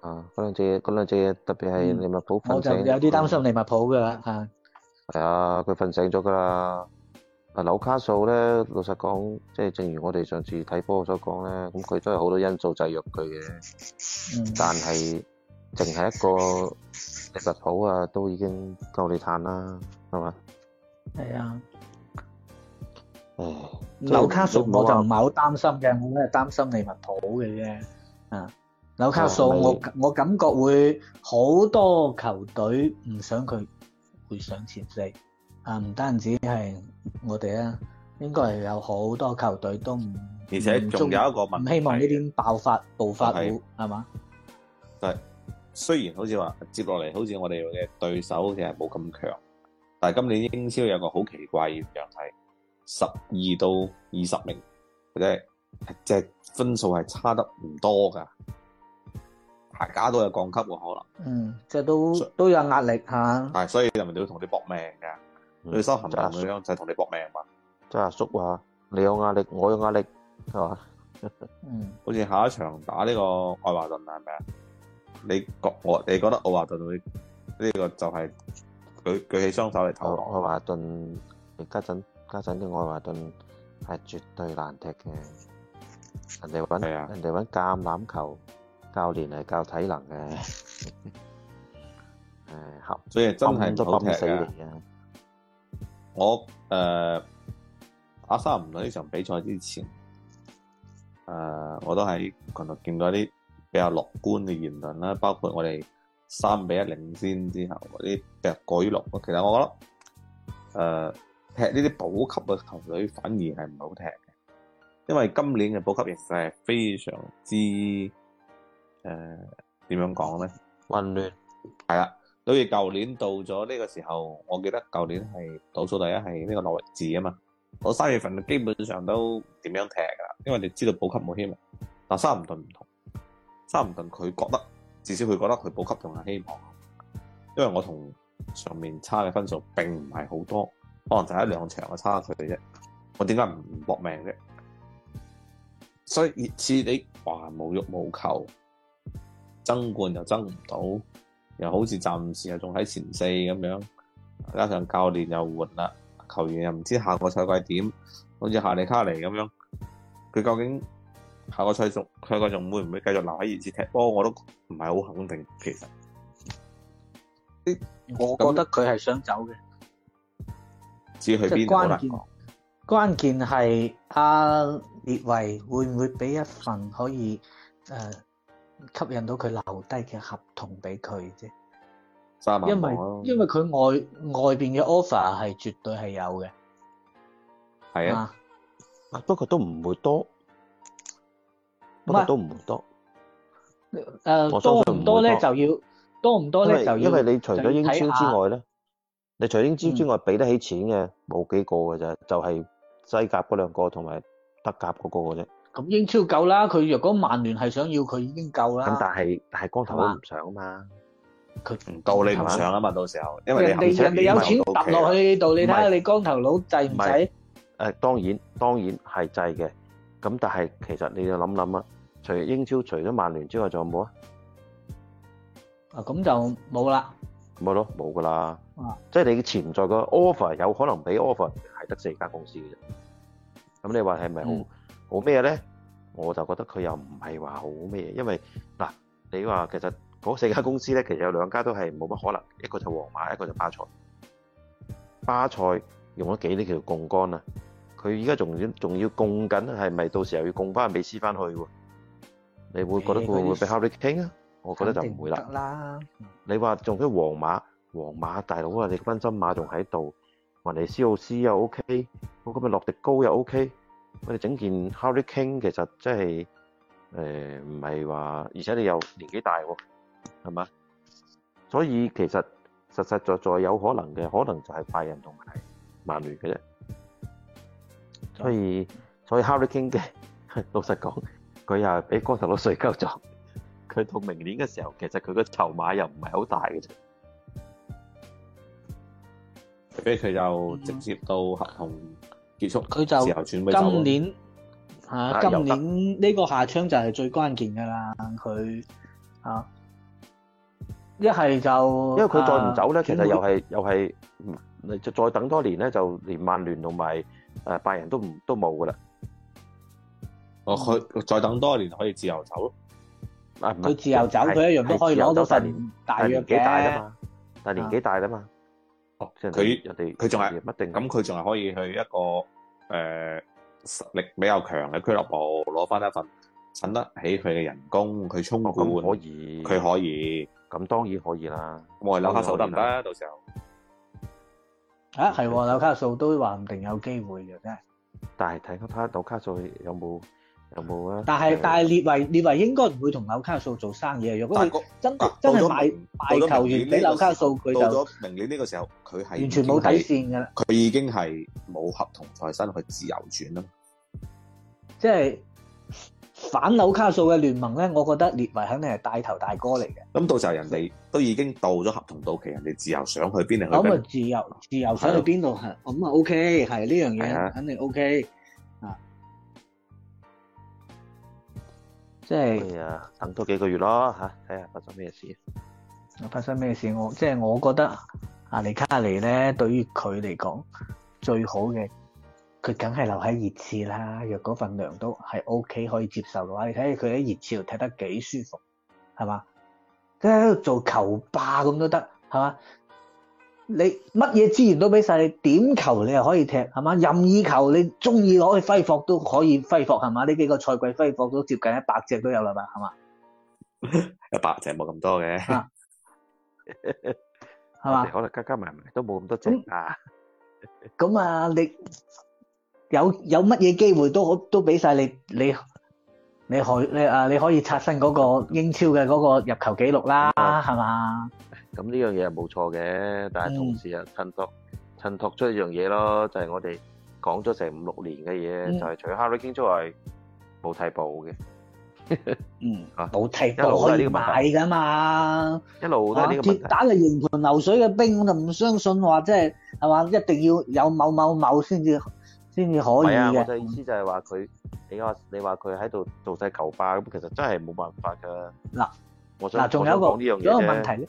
Speaker 1: 啊，嗰兩隻嘢，嗰兩隻嘢，特別係利物浦，我就有啲擔心
Speaker 2: 利物浦噶吓。
Speaker 1: 係啊，佢瞓醒咗噶啦。啊，紐卡素咧，老實講，即係正如我哋上次睇波所講咧，咁佢都係好多因素制約佢嘅。嗯。但係淨係一個利物浦啊，都已經夠你嘆啦，係嘛？係啊。誒、嗯，紐卡素我就唔係
Speaker 2: 好擔心嘅，嗯、我都係擔心利物浦嘅啫。啊，紐卡素、啊、我我感覺會好多球隊唔想佢會上前四。啊！唔單止係我哋啊，應該係有好多球隊都唔，
Speaker 1: 而且仲有一個問題，希望呢啲爆發、爆發到，係嘛 Okay. 吧？係，雖然好似話接落嚟好似我哋嘅對手好似係冇咁強，但係今年英超有一個好奇怪嘅樣係，十二到二十名或者即係分數係差得唔多㗎，大家都係降級喎可能。嗯，即、就、係、是、都以都有壓力嚇嘛？係、啊，所以人哋要同你搏命㗎。佢收含蛋咁樣，同、嗯、你搏命嘛。嗯、即係阿叔話，你有壓力，嗯、我有壓力，係嘛？嗯，好似 下一場打呢個愛華頓係咪啊？你覺我你覺得愛華頓會呢、這個就係舉舉起雙手嚟,投降？愛華頓家陣家陣啲愛華頓係絕對難踢嘅，人哋搵、啊、人哋搵橄欖球教練嚟教體能嘅，誒、 呃，所以真係都好犀利嘅。我誒、呃、阿三唔到呢場比賽之前，誒、呃、我都喺群度見到一啲比較樂觀嘅言論啦，包括我哋三比一領先之後啲比較過於樂觀。其實我覺得誒、呃、踢呢啲保級嘅球隊反而係唔好踢嘅，因為今年嘅保級形勢係非常之誒點、呃、樣講咧？混亂係啦。例如舊年到咗呢個時候，我記得舊年係倒數第一係呢個諾維茨啊嘛，我三月份基本上都點樣踢噶，因為你知道保級冇希望，但三唔頓唔同，三唔頓佢覺得至少佢覺得佢保級仲係希望，因為我同上面差嘅分數並唔係好多，可能就係一兩場嘅差距嚟啫，我點解唔搏命啫？所以熱刺你話無欲無求，爭冠又爭唔到。又好似暫時又仲喺前四咁樣，加上教練又換啦，球員又唔知下個賽季點，好似夏利卡尼咁樣，佢究竟下個賽仲下個仲會唔會繼續留喺熱刺踢波？我都唔係好肯定，其實。
Speaker 2: 我
Speaker 1: 覺得佢係想走嘅，至去邊啦？
Speaker 2: 關鍵係阿、啊、列維會唔會俾一份可以誒？呃吸引到佢留低嘅合同俾佢啫，三萬因為因為佢外外邊嘅 offer 係絕對係
Speaker 1: 有嘅，係啊，不過都唔會多，不過都唔會多。
Speaker 2: 誒多唔多咧就要多唔多咧就因,因為你除咗英超之外
Speaker 1: 咧，看看你除英超之外俾、嗯、得起錢嘅冇幾個㗎啫，就係、是、西甲嗰兩個同埋德甲嗰個嘅啫。
Speaker 2: 咁英超夠啦，佢若果曼聯係想要佢，已經夠啦。咁但係
Speaker 1: 係光頭佬唔想啊嘛，佢唔到你唔想啊嘛，到時候因為人哋人哋有錢揼落去度，你睇下你光頭佬制唔制？誒當然當然係制嘅，咁但係其實你要諗諗啊，除英超除咗曼聯之外仲有冇啊？啊咁就冇啦。冇咯，冇噶啦。啊，即係你嘅潛在個 offer 有可能俾 offer 係得四間公司嘅，咁你話係咪好？好咩咧？我就覺得佢又唔係話好咩，因為嗱，你話其實嗰四間公司咧，其實有兩家都係冇乜可能，一個就皇馬，一個就巴塞。巴塞用咗幾多條槓桿啊？佢而家仲要仲要槓緊，係咪到時候又要槓翻美斯翻去喎？你會覺得佢會唔會被考慮傾啊？我覺得就唔會啦。你話仲嗰皇馬，皇馬大佬啊，你賓施馬仲喺度，雲尼斯奧斯又 OK，我今日落迪高又 OK。我哋整件 Harry King 其實即係誒唔係話，而且你又年紀大喎，係嘛吧？所以其實實實在在有可能嘅，可能就係拜仁同埋曼聯嘅啫。所以所以 Harry King 嘅老實講，佢又係俾光頭佬睡鳩咗。佢到明年嘅時候，其實佢個籌碼又唔係好大嘅啫。俾佢又直接到合同。結束佢就今年吓，今
Speaker 2: 年呢個夏窗就係最關鍵噶啦，佢吓一係就因為佢再唔走咧，其實又係
Speaker 1: 又係，就再等多年咧，就連曼聯同埋誒拜仁都唔都冇噶啦。哦，佢再等多年可以自由走，佢自由走佢一樣都可以攞到份大約嘅，但年紀大啦嘛。佢人哋佢仲係唔一定。咁佢仲係可以去一個誒、呃、實力比較強嘅俱樂部攞翻一份揾得起佢嘅人工，佢充咁可以，佢可以，咁當然可以啦。我係扭卡數得唔得？行行到時候啊，係扭、啊、卡數都話唔定有機會嘅，啫。但係睇扭卡，扭卡數有冇？冇
Speaker 2: 啦。但係是的但係列維列維應該唔會同紐卡素做生意。如果真、啊、真係賣賣球員俾紐卡素，佢就
Speaker 1: 明年呢個時候佢係完全冇底線噶啦。佢已經係冇合同在身，去自由轉啦。即係、
Speaker 2: 就是、反紐卡素嘅聯盟咧，我覺得列維肯定係帶頭大哥嚟嘅。咁到時候
Speaker 1: 人哋都已經到咗合同到期，人哋自由想去邊度？咁啊，
Speaker 2: 自由自由想去邊度吓？咁
Speaker 1: 啊，OK，係呢樣嘢肯定 O、okay、K。即係、哎，等多幾個月咯吓，睇下發生咩事，
Speaker 2: 事。我發生咩事？我即係我覺得阿尼卡尼咧，對於佢嚟講最好嘅，佢梗係留喺熱刺啦。若果份糧都係 O K 可以接受嘅話，你睇下佢喺熱刺度踢得幾舒服，係嘛？即係喺度做球霸咁都得，係嘛？你乜嘢資源都俾晒，你，點球你又可以踢係嘛？任意球你中意攞去揮霍都可以揮霍係嘛？呢幾個賽季揮
Speaker 1: 霍都接近一百隻都有啦吧，係嘛？一百隻冇咁多嘅係嘛？可能加加埋埋都冇咁多隻啊！
Speaker 2: 咁、嗯、啊，你有有乜嘢機會都好都俾曬你，你你可你啊你可以刷新嗰個英超嘅嗰個入球記錄啦係嘛？吧
Speaker 1: 咁呢樣嘢係冇錯嘅，但係同時又襯托襯托出一樣嘢咯，就係我哋講咗成五六年嘅嘢，就係除咗 Harry Kane 之外，冇替補嘅。
Speaker 2: 嗯，
Speaker 1: 冇替補可以買
Speaker 2: 噶嘛？一
Speaker 1: 路都係呢個問題。鐵
Speaker 2: 打嘅營盤流水嘅兵，我就唔相信話即係係嘛，一定要有某某某先至先至可以嘅。我嘅意
Speaker 1: 思就係話佢，你話你話佢喺度做晒球霸，咁其實真係冇辦法噶。嗱，嗱，仲有一個仲有一個問題
Speaker 2: 咧。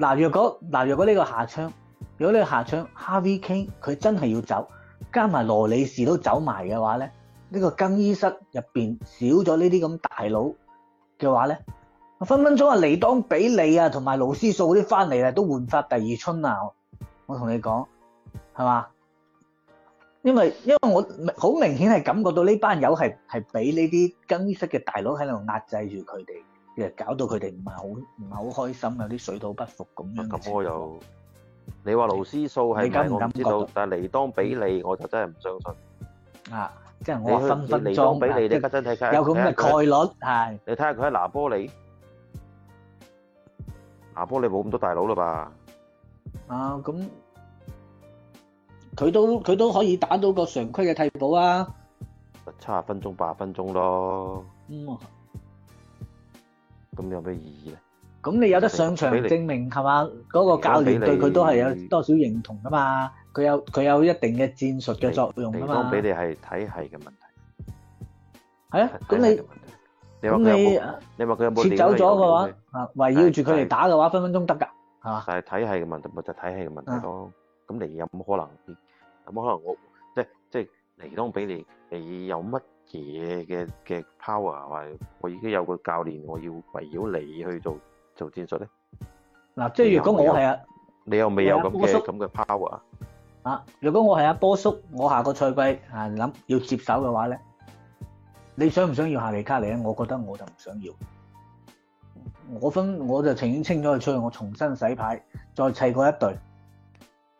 Speaker 2: 嗱，若果嗱，若果呢個下窗，如果呢個下窗，Harvey King 佢真係要走，加埋羅理士都走埋嘅話咧，呢個更衣室入邊少咗呢啲咁大佬嘅話咧，我分分鐘你啊嚟當比利啊同埋勞斯數啲翻嚟啊都煥發第二春啊！我同你講，係嘛？因為因為我好明顯係感覺到呢班友係係俾呢啲更衣室嘅大佬喺度壓制住佢哋，其實搞到佢哋唔係好唔係好開心，有啲水
Speaker 1: 土不服咁樣。咁我又，你話盧斯素係咪我知道？但係尼當比利，我就真係唔相信。
Speaker 2: 啊，即係我分分鐘有咁嘅概
Speaker 1: 率係。你睇下佢喺拿波里，拿波里冇咁多大佬啦吧？
Speaker 2: 啊，咁佢都佢都可以打到個常規嘅替補啊！
Speaker 1: 七十分鐘八十分鐘咯。嗯。咁有咩意義咧？咁你有得上場證
Speaker 2: 明係嘛？嗰個教練對佢都係有多少認同噶嘛？佢有佢有一定嘅戰術嘅
Speaker 1: 作用噶嘛？地方俾你係體系嘅問題，
Speaker 2: 係啊。
Speaker 1: 咁你咁你你話佢有冇撤走咗嘅話
Speaker 2: 啊？圍繞住佢嚟打嘅話，分分鐘得㗎，係
Speaker 1: 嘛？但係體系嘅問題，咪就係體系嘅問題咯。咁你有冇可能？咁可能我即即嚟當俾你？你有乜？嘅嘅 power，或者我已經有個教練，我要圍繞你去做做戰術咧。
Speaker 2: 嗱，即係如果我係啊，
Speaker 1: 你又未有咁嘅咁嘅 power。
Speaker 2: 啊，如果我係阿波叔，我下個賽季啊諗要接手嘅話咧，你想唔想要下尼卡嚟咧？我覺得我就唔想要。我分我就情願清咗佢出去，我重新洗牌，再砌過一隊。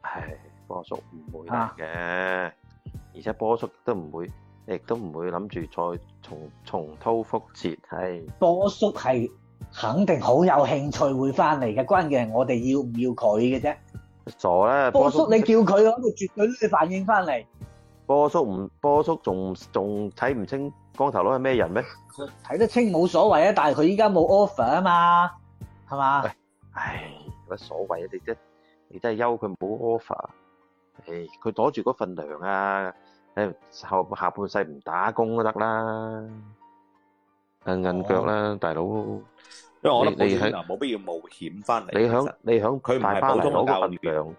Speaker 1: 係波叔唔會嘅，啊、而且波叔都唔會，亦都唔會諗住再重重蹈覆轍，係波叔係
Speaker 2: 肯定好
Speaker 1: 有興趣會翻嚟嘅，關鍵係我哋要唔要佢嘅啫。傻啦，波叔，波叔你叫佢，佢絕對都會反應翻嚟。波叔唔，波叔仲仲睇唔清光頭佬係咩人咩？
Speaker 2: 睇得清冇所謂啊，但係佢依家冇 offer 啊嘛，係嘛？唉，
Speaker 1: 有乜所謂啊你啫？你真係休佢冇 offer，唉，佢躲住嗰份糧啊！誒，後下半世唔打工都得啦，硬硬腳啦，大佬。因為我諗保險啊，冇必要冒險翻嚟。你響你響佢大巴黎度醞釀，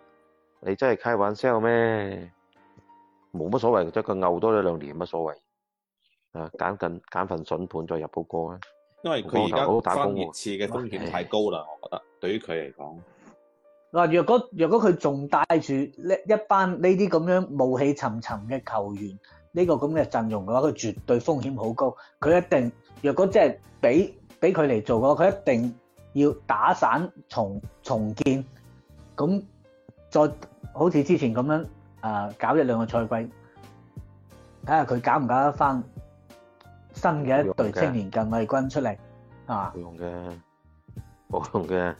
Speaker 1: 你真係開玩笑咩？冇乜所謂，即係佢拗多咗兩年乜所謂？啊，揀緊揀份笋盤再入寶哥啦。因為佢而家翻熱刺嘅風險太高啦，我覺得對於佢嚟講。
Speaker 2: 嗱，若果若果佢仲帶住呢一班呢啲咁樣暮氣沉沉嘅球員，呢個咁嘅陣容嘅話，佢絕對風險好高。佢一定若果即係俾俾佢嚟做嘅話，佢一定要打散重重建，咁再好似之前咁樣啊，搞一兩個賽季，睇下佢搞唔搞得翻新嘅一隊青年近衛軍出嚟，
Speaker 1: 係嘛？冇用嘅，冇用嘅。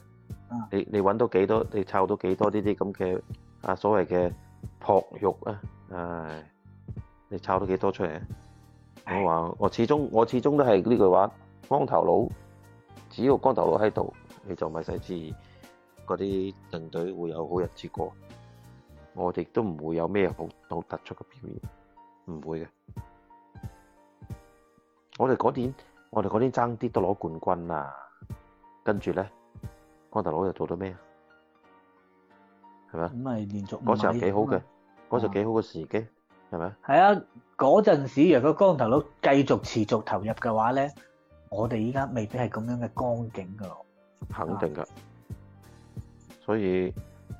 Speaker 1: 你你揾到幾多？你湊到幾多呢啲咁嘅啊？所謂嘅璞玉啊，誒，你湊到幾多出嚟？的我話我始終我始終都係呢句話，光頭佬，只要光頭佬喺度，你就咪使知嗰啲定隊會有好日子過。我哋都唔會有咩好好突出嘅表現，唔會嘅。我哋嗰年我哋嗰年爭啲都攞冠軍啦，跟住咧。光頭佬又做到咩啊？係咪？咁
Speaker 2: 咪、嗯、連續嗰陣幾好嘅，嗰陣幾好嘅時機，係咪、嗯？係吧啊，嗰陣時若果光頭佬繼續持續投入嘅話咧，我哋依家未必係咁樣嘅光景噶咯。
Speaker 1: 肯定噶，的所以，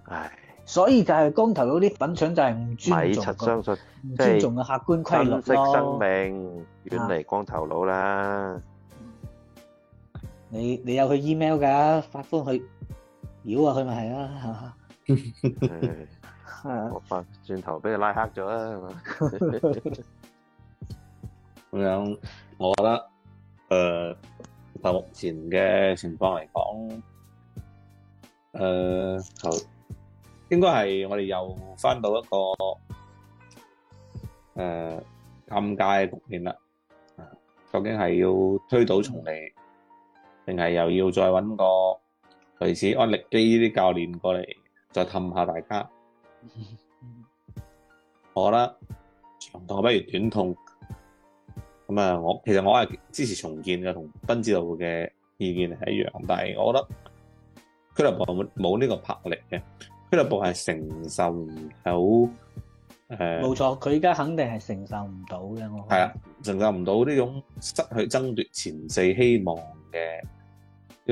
Speaker 2: 唉，所以就係光頭佬啲粉腸就係唔尊重嘅，唔尊重嘅客觀規律咯。珍惜生命，
Speaker 1: 遠離光頭佬啦。
Speaker 2: 你你有佢 email 㗎？發番去繞啊，佢咪係啦，係嘛？
Speaker 1: 我發轉頭俾佢拉黑咗啦，係嘛？咁樣，我覺得誒，就目前嘅情況嚟講，誒好，應該係我哋又翻到一個誒尷尬嘅局面啦。究竟係要推倒重嚟？定係又要再揾個類似安力基呢啲教練過嚟，再氹下大家， 我覺得長痛不如短痛。咁啊，我其實我係支持重建嘅，同斌指導嘅意見係一樣，但係我覺得俱樂部冇呢個魄力嘅，俱樂部係承受唔到，誒。冇錯，
Speaker 2: 佢依家肯定係承受唔到
Speaker 1: 嘅。我係啊，承受唔到呢種失去爭奪前四希望嘅。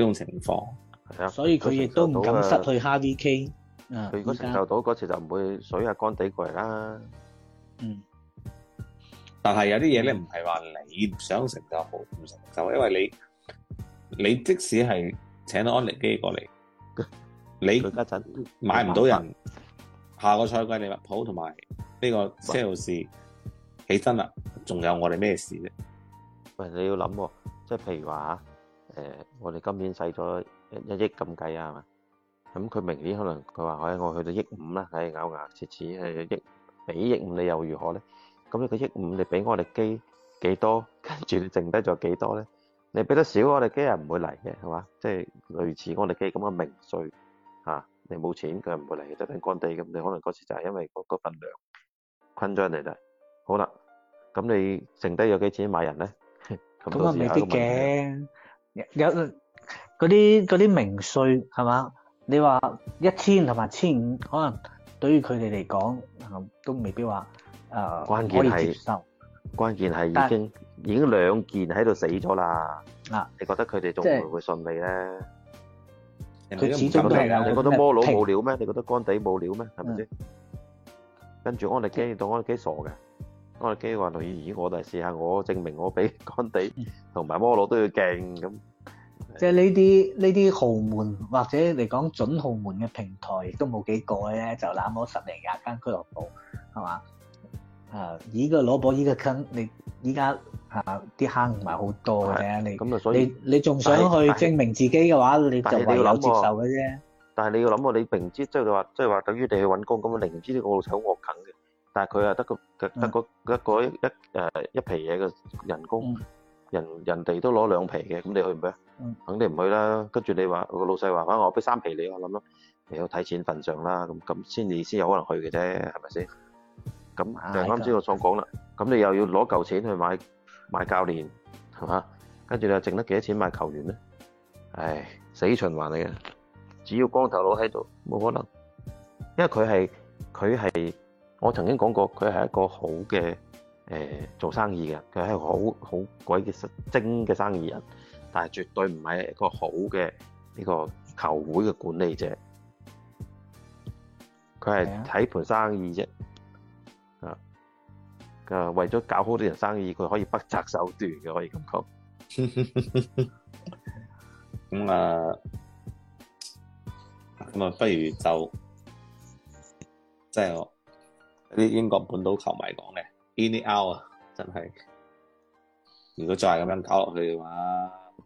Speaker 1: 呢種情況，所以佢亦都唔敢失去
Speaker 2: 哈 VK、嗯。佢如果承受
Speaker 1: 到嗰在次就唔會水下干地過嚟啦。嗯，但係有啲嘢咧唔係話你想承、嗯、就好唔成就，因為你你即使係請到安力基過嚟，你家陣買唔到人，下個賽季利物浦同埋呢個西奧士起身啦，仲有我哋咩事啫？喂，你要諗、哦，即係譬如話。誒，我哋今年使咗一一億咁計啊，係嘛？咁佢明年可能佢話，我我去到億五啦，係，咬牙切齒係億幾億五，你又如何咧？咁你個億五你俾我哋基幾多？跟住你剩低咗幾多咧？你俾得少，我哋基係唔會嚟嘅，係嘛？即係類似我哋基咁嘅名稅嚇，你冇錢，佢又唔會嚟，就等乾地咁。你可能嗰時就係因為嗰嗰份糧困咗入嚟啦。好啦，咁你剩低有幾錢買人咧？咁啊，明啲嘅。
Speaker 2: 有啲啲名稅係嘛？你話一千同埋千五，可能對於佢哋嚟講，都未必話誒、呃、可以接受。
Speaker 1: 關鍵係已經但已經兩件喺度死咗啦。啊，你覺得佢哋仲會唔會信你咧？佢、啊就是、始終係你覺得摩佬冇料咩？啊、你覺得干地冇料咩？係咪先？嗯、跟住我哋驚到我哋驚傻嘅。我哋計劃同以以我嚟試下，我證明我比干地同埋摩羅都要勁咁。
Speaker 2: 即係呢啲呢啲豪門或者嚟講準豪門嘅平台，亦都冇幾個嘅，就那麼十零廿間俱樂部，係嘛？啊！依個攞波依個坑，你依家嚇啲坑唔係好多嘅，
Speaker 1: 你你你仲想去證
Speaker 2: 明自己嘅話，你就唯有接受嘅
Speaker 1: 啫。但係你要諗過，你明知即係話即係話，等於你去揾工咁樣，明知呢個路就好惡近。但係佢啊，得個得得個一個一誒一皮嘢嘅人工，人人哋都攞兩皮嘅，咁你去唔去啊？肯定唔去啦。跟住你話個老細話，返我俾三皮你，我諗咯，你要睇錢份上啦。咁咁先，你先有可能去嘅啫，係咪先？咁啱先，我所講啦。咁你又要攞嚿錢去買買教練係嘛？跟住你又剩得幾多錢買球員咧？唉，死循環嚟嘅。只要光頭佬喺度，冇可能，因為佢係佢係。我曾經講過，佢係一個好嘅、欸、做生意嘅，佢係好好鬼嘅精嘅生意人，但係絕對唔係一個好嘅呢、這個球會嘅管理者。佢係睇盤生意啫，啊的！佢為咗搞好啲人生意，佢可以不擇手段嘅，可以咁講。咁 啊，咁啊，不如就、就是我啲英國本土球迷講嘅，anyout 啊，真係。如果再係咁樣搞落去嘅話，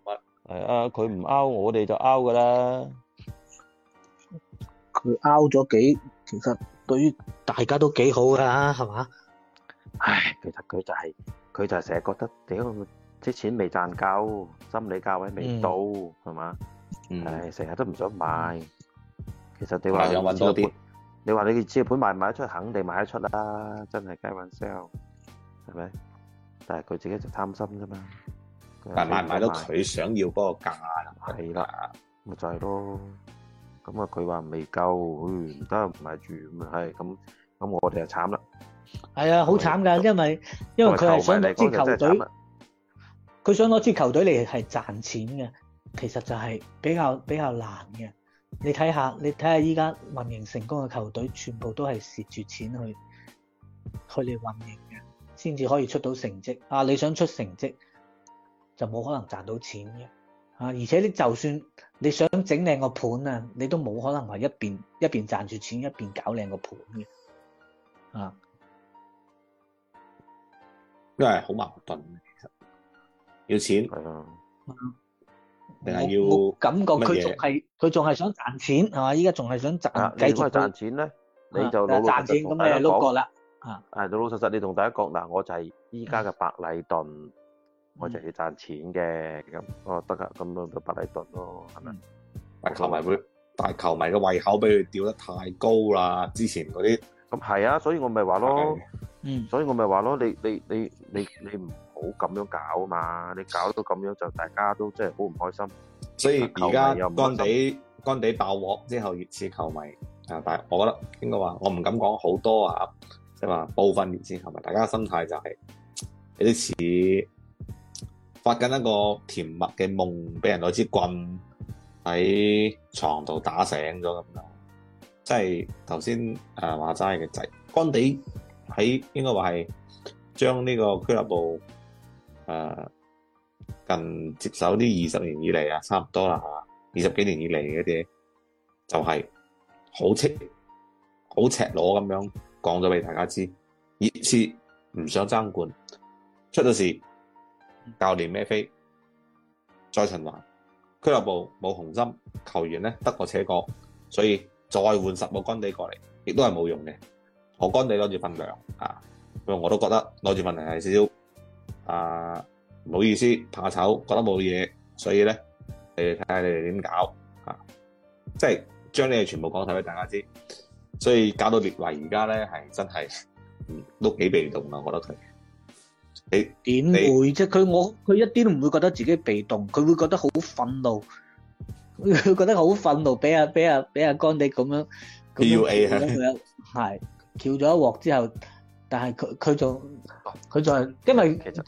Speaker 1: 乜？係啊，佢唔 out，我哋就 out 噶啦。
Speaker 2: 佢 out 咗幾，其實對於大家都幾好噶
Speaker 1: 係嘛？唉，其實佢就係，佢就係成日覺得，屌，啲錢未賺夠，心理價位未到，係嘛？唉，成日都唔想買。其實你話想搵多啲。你話你嘅資本賣唔賣得出，肯定賣得出啦，真係街穩 sell，係咪？但係佢自己就貪心啫嘛。但係賣到佢想要嗰個價。係啦，咪就係咯。咁啊，佢話未夠，唔得唔賣住，咁啊係，咁咁我哋就慘啦。
Speaker 2: 係啊，好慘噶，因為因為佢係想支球隊，
Speaker 1: 佢想
Speaker 2: 攞支球隊嚟係賺錢嘅，其實就係比較比較難嘅。你睇下，你睇下依家運營成功嘅球隊，全部都係蝕住錢去去嚟運營嘅，先至可以出到成績。啊，你想出成績就冇可能賺到錢嘅。啊，而且你就算你想整靚個盤啊，你都冇可能話一邊一邊賺住錢一邊搞靚個盤嘅。啊，因
Speaker 1: 為好矛盾嘅，其實要錢係啊。嗯要感覺，佢仲係
Speaker 2: 佢仲係想賺錢係嘛？依家仲係想賺繼續賺
Speaker 1: 錢咧，你就老老實實咁嚟撈個啦。啊，啊老老實實你同大家講嗱，我就係依家嘅百禮頓，我就要賺錢嘅，咁，我得噶，咁樣就百禮頓咯，係咪？大球迷會大球迷嘅胃口俾佢吊得太高啦，之前嗰啲咁係啊，所以我咪話咯，嗯，所以我咪話咯，你你你你你唔。好咁樣搞嘛？你搞到咁樣就大家都真係好唔開心。所以而家乾地乾地爆鑊之後，熱刺球迷啊，但係我覺得應該話我唔敢講好多啊，即係話部分熱刺球迷，大家心態就係有啲似發緊一個甜蜜嘅夢，俾人攞支棍喺床度打醒咗咁樣。即係頭先誒話齋嘅仔乾地喺應該話係將呢個俱樂部。誒，uh, 近接手呢二十年以嚟啊，差唔多啦，二十幾年以嚟嗰啲，就係好赤好赤裸咁樣講咗俾大家知，以次唔想爭冠，出咗事，教練孭飛，再循環，俱樂部冇雄心，球員咧得過且過，所以再換十個乾地過嚟，亦都係冇用嘅，我乾地攞住份糧啊，所以我都覺得攞住份糧係少少。啊，唔好意思，怕醜，覺得冇嘢，所以咧，你哋睇下你哋點搞嚇，即係將你哋全部講晒俾大家知，所以搞到列話，而家咧係真係，嗯，都幾被動啊，我覺得佢，你點
Speaker 2: 會啫？佢我佢一啲都唔會覺得自己被動，佢會覺得好憤怒，佢覺得好憤怒，俾阿俾阿俾阿干地咁樣，PUA 啊，係撬咗一鑊之後。但係佢佢就佢做，因為終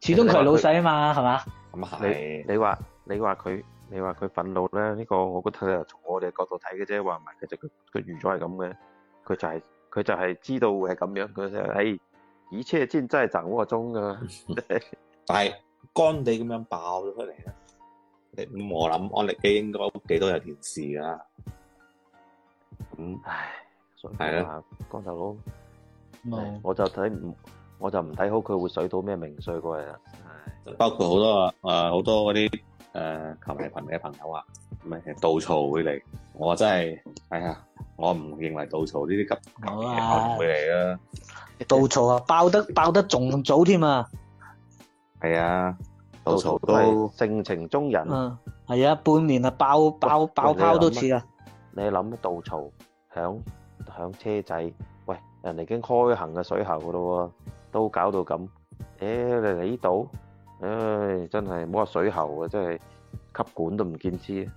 Speaker 2: 其實始終佢係老細啊嘛，
Speaker 1: 係嘛？咁啊吧，你你話你話佢你話佢憤怒咧？呢、這個我覺得從我哋角度睇嘅啫，話唔埋其實就佢預咗係咁嘅，佢就係佢就係知道會係咁樣，佢就、 嗯、唉，一切盡在掌握中噶。但係干地咁樣爆咗出嚟啊！我諗安力基應該幾多有電視啊？咁唉，係啊，光頭佬。嗯、我就睇唔，我就唔睇好佢會水到咩名衰過嚟啦。係，包括好多啊，誒、呃，好多嗰啲誒球迷群嘅朋友啊，唔係杜曹會嚟，我真係，係、哎、啊，我唔認為杜曹呢啲急我嘢會嚟啦。杜曹啊，爆得爆得
Speaker 2: 仲早添啊！
Speaker 1: 係啊，杜曹都性情中人。啊、嗯。係啊，半年啊爆爆爆炮想都似啊！你諗杜曹，響響車仔？人哋已經開行嘅水喉嘅咯喎，都搞到咁，誒你嚟呢度，唉真係冇話水喉啊，真係吸管都唔見知。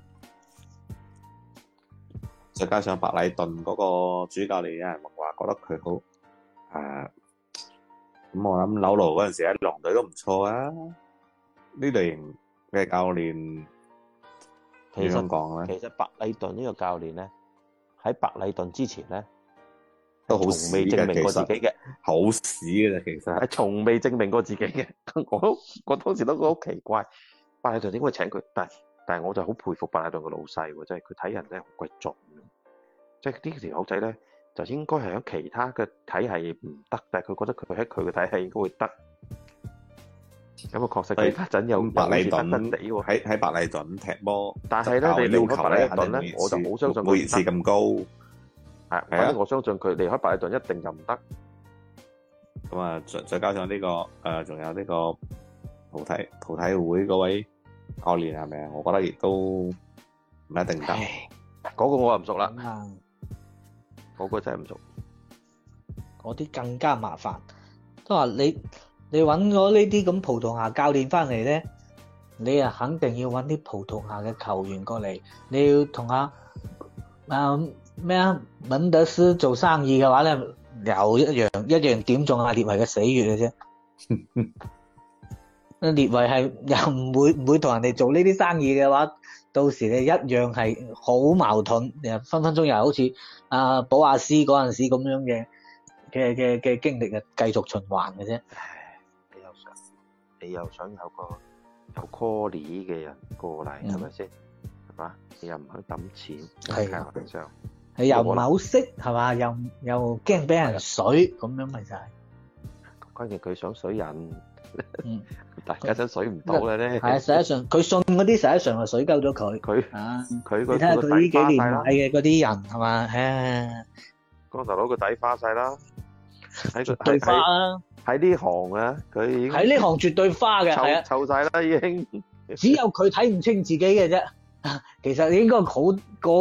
Speaker 1: 再加上白禮頓嗰個主教練啊，話覺得佢好啊，咁我諗柳羅嗰陣時喺狼隊都唔錯啊。呢類型嘅教練點樣講咧？其實白禮頓呢個教練咧，喺白禮頓之前咧。
Speaker 2: 都好，未證明過自己
Speaker 1: 嘅，好屎嘅啫，其實係從未證明過自己嘅。我我當時都覺得好奇怪，白禮頓點會請佢？但係但係我就好佩服白禮頓嘅老細，即係佢睇人咧好鬼準。即係呢條友仔咧，就應該係喺其他嘅體系唔得，但係佢覺得佢喺佢嘅體系應該會得。咁啊，確實，但係一陣有白禮頓喺喺白禮頓踢波，但係咧你要白禮頓咧，我就好相信佢，但係唔會如此咁高。係啊！我相信佢離開白禮頓一定就唔得。咁啊，再再加上呢個誒，仲有呢個葡體葡體會嗰位教練係咪啊？我覺得亦都唔一定得。嗰個我啊唔熟啦，嗰個就係唔熟。
Speaker 2: 嗰啲更加麻煩。都話你你揾咗呢啲咁葡萄牙教練翻嚟咧，你啊肯定要揾啲葡萄牙嘅球員過嚟，你要同下誒。咩啊？敏德斯做生意嘅話咧，又一樣一樣點中阿列維嘅死穴嘅啫。阿列維係又唔會唔會同人哋做呢啲生意嘅話，到時你一樣係好矛盾，又分分鐘又係好似阿保亞斯嗰陣時咁樣嘅嘅嘅嘅經
Speaker 1: 歷嘅繼續循環嘅啫。你又想，你又想有個有 callie 嘅人過嚟，係咪先？係嘛？你又唔肯抌錢，係啊，就。
Speaker 2: 佢又唔係好識，係嘛？又又驚俾人水，咁樣咪就
Speaker 1: 係。關鍵佢想水人，大家真水唔到啦咧。係啊，實際上
Speaker 2: 佢信嗰啲，實際上係水鳩咗佢。佢啊，佢佢。你睇下佢呢幾年買
Speaker 1: 嘅嗰啲人係嘛？唉，光頭佬個底花曬啦，喺佢底花啦，喺呢行啊，佢喺呢行絕對花嘅，係啊，臭曬啦已經。
Speaker 2: 只有佢睇唔清自己嘅啫，其實應該好個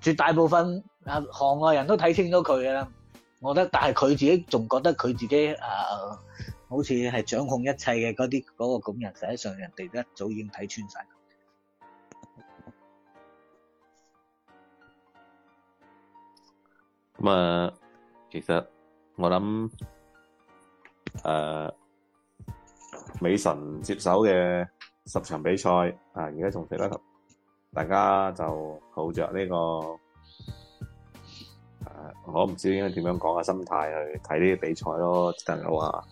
Speaker 2: 絕大部分。啊！行外人都睇清咗佢嘅啦，我覺得，但係佢自己仲覺得佢自己啊，好似係掌控一切嘅嗰啲嗰個咁人，實際上人哋一早已經睇穿曬。
Speaker 1: 咁啊，其實我諗誒，美神接手嘅十場比賽啊，而家仲食得，大家就抱著呢個。我唔知應該點樣講啊，心態去睇呢啲比賽咯，但係我話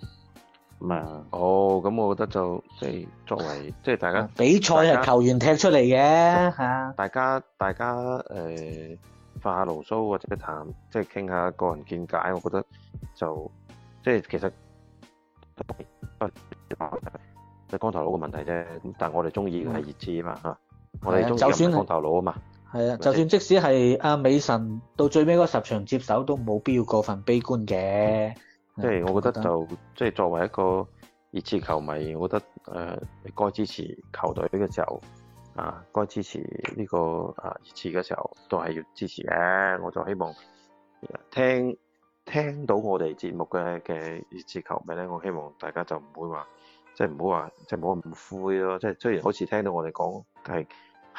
Speaker 1: 咁啊。嗯、哦，咁我覺得就即係作為是即係大家比賽係球員踢出嚟嘅，吓。大家大家誒發下牢騷或者談，即係傾下個人見解。我覺得就即係其實，即係光頭佬嘅問題啫。咁但係我哋中意係熱刺嘛吓，嗯、我哋中意人哋光頭佬啊嘛。
Speaker 2: 係啊，就算即使係阿美臣到最尾嗰十場接手，都冇必要過分悲觀嘅。
Speaker 1: 即係、嗯、的我覺得就即係、嗯、作為一個熱刺球迷，我覺得、呃、你該支持球隊嘅時候啊，該支持呢個啊熱刺嘅時候，都係要支持嘅。我就希望聽聽到我哋節目嘅嘅熱刺球迷咧，我希望大家就唔會話即係唔好話即係冇咁灰咯。即係雖然好似聽到我哋講，但係。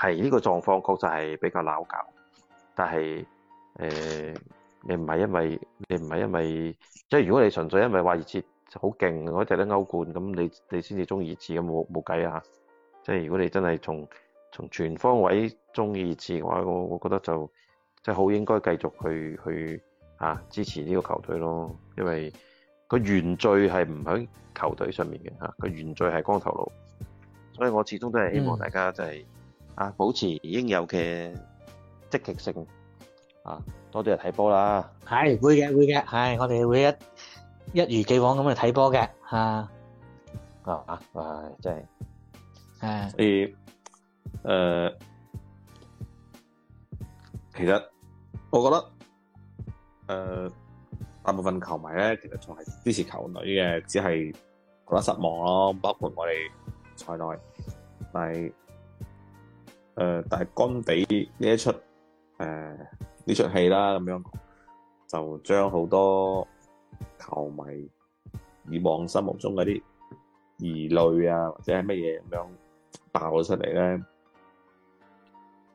Speaker 1: 係呢、呢個狀況確實係比較攪搞，但係誒、呃，你唔係因為你唔係因為，即係如果你純粹因為話熱刺好勁，嗰隻啲歐冠，咁你你先至中意熱刺，咁冇冇計啊，即係如果你真係從從全方位中意熱刺嘅話，我我覺得就即係好應該繼續去去嚇、啊、支持呢個球隊咯，因為個原罪係唔喺球隊上面嘅嚇，個原罪係光頭佬，所以我始終都係希望大家即係、嗯。啊！保持應有嘅積極性，啊，多啲嚟睇波啦！係，會嘅，會嘅，係我哋會一
Speaker 2: 一如既往咁去睇波嘅，吓、啊，
Speaker 1: 係嘛、啊？誒，真、就、係、是，誒是，誒、呃，其實我覺得，誒、呃，大部分球迷咧，其實仲係支持球隊嘅，只係覺得失望咯。包括我哋賽內，但係。誒、呃，但係干地呢一出誒呢、呃、出戲啦，咁樣就將好多球迷以往心目中嗰啲疑慮啊，或者係乜嘢咁樣爆咗出嚟咧，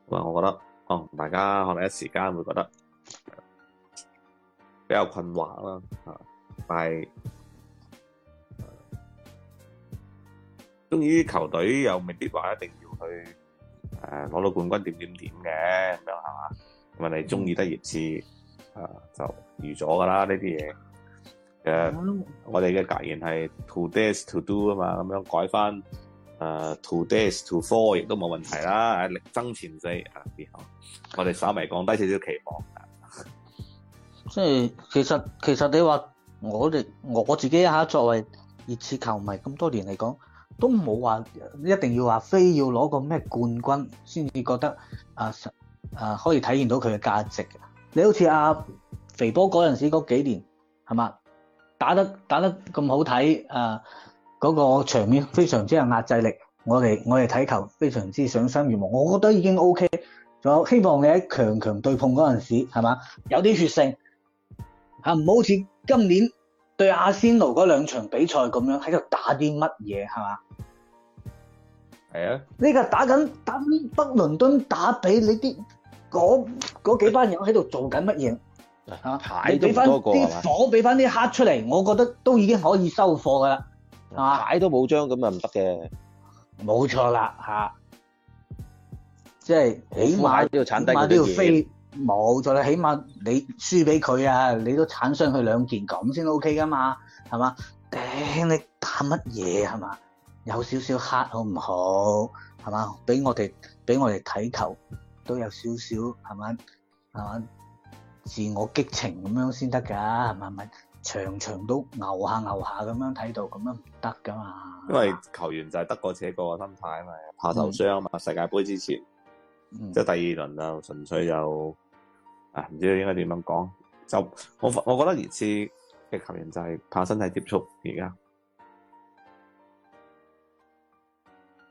Speaker 1: 咁啊，我覺得，哦，大家可能一時間會覺得比較困惑啦，吓，但、呃、係，終於球隊又未必話一定要去。誒，攞到冠軍點點點嘅咁樣係嘛？咁你中意得熱刺啊，就預咗噶啦呢啲嘢。誒，我哋嘅格言係 two days to do 啊嘛，咁樣改翻誒 two days to four 亦都冇問題啦。力爭前四啊，我哋稍微降低少少期望。
Speaker 2: 即係其實其實你話我哋我自己一下作爲熱刺球迷咁多年嚟講。都冇話一定要話非要攞個咩冠軍先至覺得啊實啊可以體現到佢嘅價值。你好似阿肥波嗰陣時嗰幾年係嘛打得打得咁好睇啊嗰個場面非常之有壓制力，我哋我哋睇球非常之賞心悦目。我覺得已經 OK，仲有希望你喺強強對碰嗰陣時係嘛有啲血性吓，唔好似今年。對阿仙奴嗰兩場比賽咁樣喺度打啲乜嘢係嘛？係啊，呢個打緊打緊北倫敦打俾你啲嗰嗰幾班人喺度做緊乜嘢？吓、哎，吧牌你俾翻啲火俾翻啲黑出嚟，我覺得
Speaker 1: 都已經可以收貨噶啦。牌都冇張咁啊唔得嘅，冇錯啦吓，即係、就是、起碼要鏟低啲嘢。
Speaker 2: 冇咗啦，起碼你輸俾佢啊，你都產生佢兩件咁先 OK 㗎嘛，係嘛？頂你打乜嘢係嘛？有少少黑好唔好？係嘛？俾我哋俾我哋睇球都有少少係嘛係嘛？自我激情咁樣先得㗎係咪？長長都牛下牛下咁樣睇到咁樣唔得㗎嘛？
Speaker 1: 因為球員就係得過且過嘅心態啊、就是、嘛，怕受傷啊嘛，世界盃之前即係、嗯、第二輪就純粹就。啊！唔知道應該點樣講，就我我覺得而次嘅球員就係怕身體接觸而家。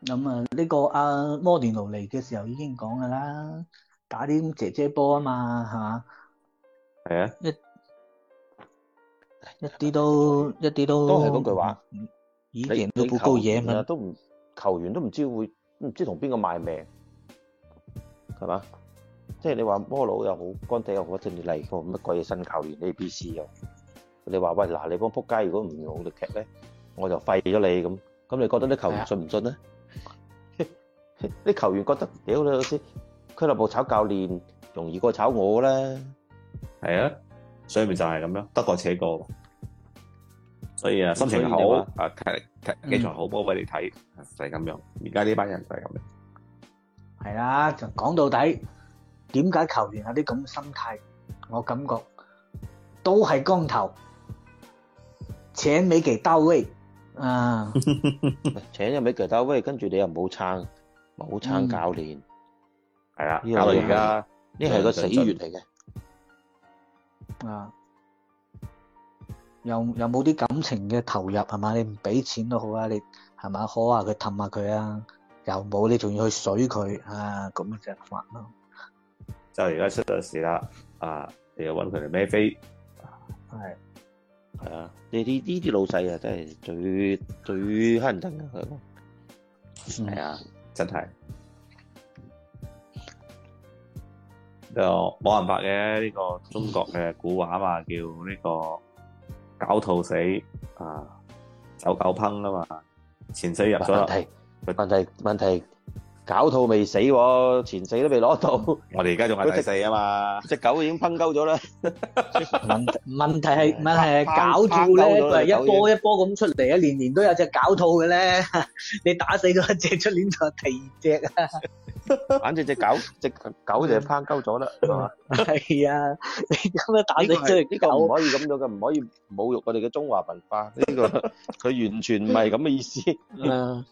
Speaker 2: 咁、嗯這個、啊，呢個阿摩連奴嚟嘅時候已經講㗎啦，打啲姐姐波啊嘛，係嘛？
Speaker 1: 係啊的！一
Speaker 2: 都一啲都
Speaker 1: 一啲都都係嗰句話，以前都好高嘢嘛。都唔球員都唔知會唔知同邊個賣命，係嘛？即係你話摩佬又好，干地又好，甚至嚟個乜鬼嘢新球員，ABC、啊。又你話喂嗱，你幫仆街，如果唔用努力踢咧，我就廢咗你咁。咁你覺得啲球員信唔信啊？啲、哎、呀 球員覺得屌、哎、你老師，俱樂部炒教練容易過炒我啦。係啊，所以咪就係咁咯，得過且過。所以啊，心情好啊，場好波俾你睇，就係咁樣。而家呢班人就係咁。
Speaker 2: 係啦，講到底。點解球員有啲咁嘅心態？我感覺都係光頭，請美奇大衛
Speaker 1: 啊！ 請咗美奇大衛，跟住你又冇撐，冇撐教練，係啊、嗯，這是教練而家呢係個死穴嚟嘅
Speaker 2: 啊！又又冇啲感情嘅投入係嘛？你唔俾錢都好啊，你係咪？呵下佢氹下佢啊，又冇你，仲要去水佢啊？咁嘅做法咯。
Speaker 1: 就而家出咗事啦，啊！又揾佢嚟孭飛，
Speaker 3: 係
Speaker 1: 的，係啊！呢啲呢啲老細啊，真係最最乞人憎嘅佢咯，係啊、嗯，真係。就冇人拍嘅呢個中國嘅古話嘛，嗯、叫呢個狡兔死啊，走狗烹啊嘛，潛水入咗題他。問題。狡兔未死，前四都未攞到，我哋而家仲係第四啊嘛，
Speaker 2: 隻狗已經烹鳩咗啦。問問題係問題係狡兔咧，係一波一波咁出嚟，年年都有隻狡兔嘅咧。你打死嗰一隻出年
Speaker 1: 就係第二隻啊。反正隻狗隻狗就係烹鳩咗啦，係嘛？係啊，你咁樣打死隻狗唔可以咁樣嘅，唔可以侮辱我哋嘅中華文化。呢個佢完全唔係咁嘅意思啊。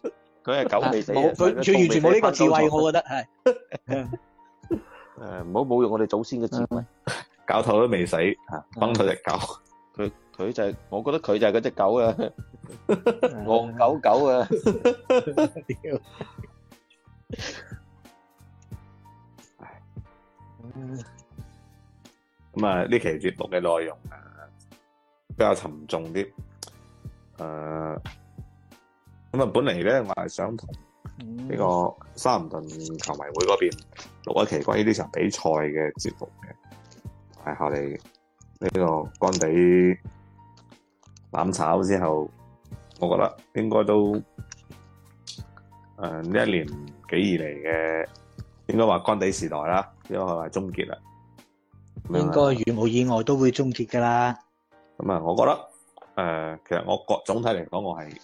Speaker 1: 佢係狗未死，佢完全冇呢個智慧，我覺得係。誒，唔好侮辱我哋祖先嘅智慧。狡兔都未死，烹佢隻狗。佢佢就係，我覺得佢就係嗰隻狗啊，黃狗狗啊。咁啊，呢期節目嘅內容啊，比較沉重啲。誒。咁啊，那本嚟咧，我係想同呢個修咸頓球迷會嗰邊錄一期關於呢場比賽嘅節目嘅。係後嚟呢、這個干地攬炒之後，我覺得應該都誒呢、呃、一年幾以嚟嘅，應該話干地時代啦，應該係終結啦。
Speaker 2: 應該如冇意外都會終結噶啦。
Speaker 1: 咁啊，我覺得誒、呃，其實我個總體嚟講，我係。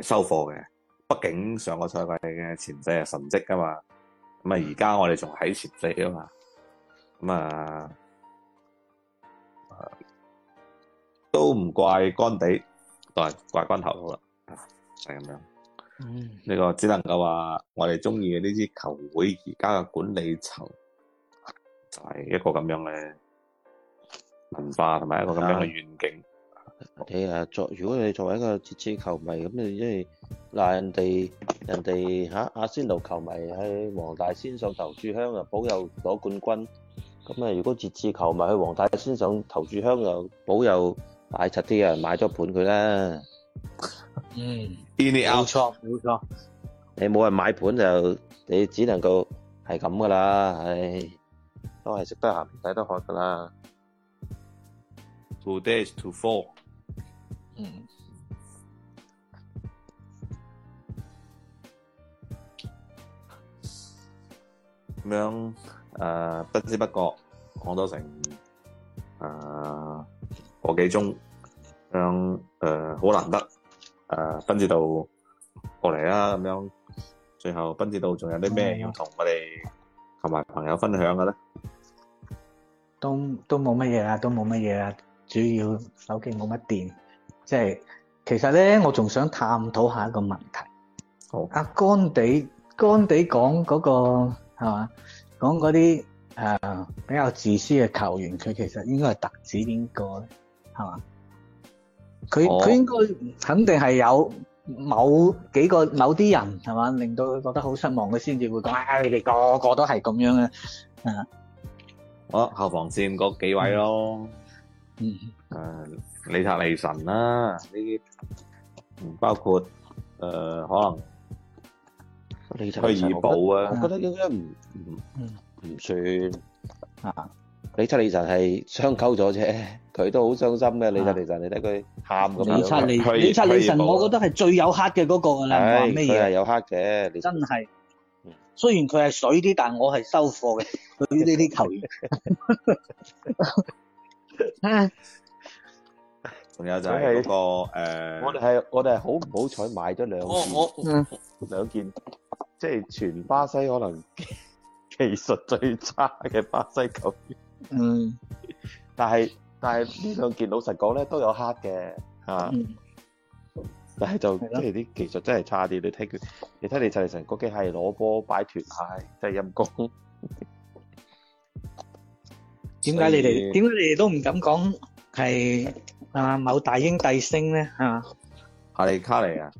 Speaker 1: 收貨嘅，畢竟上個賽季嘅前四係神蹟噶嘛，咁啊而家我哋仲喺前四啊嘛，咁、嗯、啊,啊都唔怪干地，怪、啊、怪關頭好啦，就係咁樣，呢、這個只能夠話我哋中意嘅呢支球會而家嘅管理層就係一個咁樣嘅文化同埋一個咁樣嘅願景。你啊作，如果你作為一個傑志球迷，咁你因為嗱人哋人哋吓、啊、阿仙奴球迷喺黃大仙上投注香，啊，保佑攞冠軍。咁啊，如果傑志球迷喺黃大仙上投注香，又保佑大七啲人，人買咗盤佢啦。嗯，in it out，冇錯冇錯，你冇人買盤就你只能夠係咁噶啦，唉，都係識得咸睇得開噶啦。Two days to four。嗯，咁樣誒，不知不覺講咗成誒個幾鐘，咁誒好難得誒斌指導過嚟啦，咁樣最後斌指導仲有啲咩要同我哋同埋朋友分享嘅呢？
Speaker 2: 都都冇乜嘢啦，都冇乜嘢啦，主要手機冇乜電。即係，其實咧，我仲想探討下一個問題。好，阿干地，干地講嗰、嗰個係嘛，講嗰啲誒比較自私嘅球員，佢其實應該係特指邊個咧？係嘛？佢佢、哦、應該肯定係有某幾個某啲人係嘛，令到佢覺得好失望，佢先至會講：啊、哎，你哋個個都係咁樣嘅。啊，好，
Speaker 1: 後防線嗰幾位咯。嗯誒，李察利臣啦，呢啲，唔包括誒，可能崔爾寶啊，我覺得應該唔唔唔算啊。李察利臣係傷溝咗啫，佢都好傷心嘅。李察利臣，你睇佢喊咁樣。李察利李察利臣，我覺
Speaker 2: 得係最有黑嘅嗰個啦。咩嘢？佢係有黑
Speaker 1: 嘅，真係。
Speaker 2: 雖然佢係水啲，但我係收貨嘅。對於呢啲球員。
Speaker 1: 還哦哦、嗯，仲有就係嗰個誒，我哋係我哋係好唔好彩買咗兩件，兩件，即、就、係、是、全巴西可能技術最差嘅巴西球員。嗯，但係但係呢兩件老實講咧都有黑嘅吓，但係就即係啲技術真係差啲的，你睇佢，你睇你李察利臣嗰啲係攞波擺脫，唉，真係陰功。點解你哋點解你
Speaker 2: 哋都唔敢講係啊某大英帝星咧吓？
Speaker 1: 夏利卡尼啊，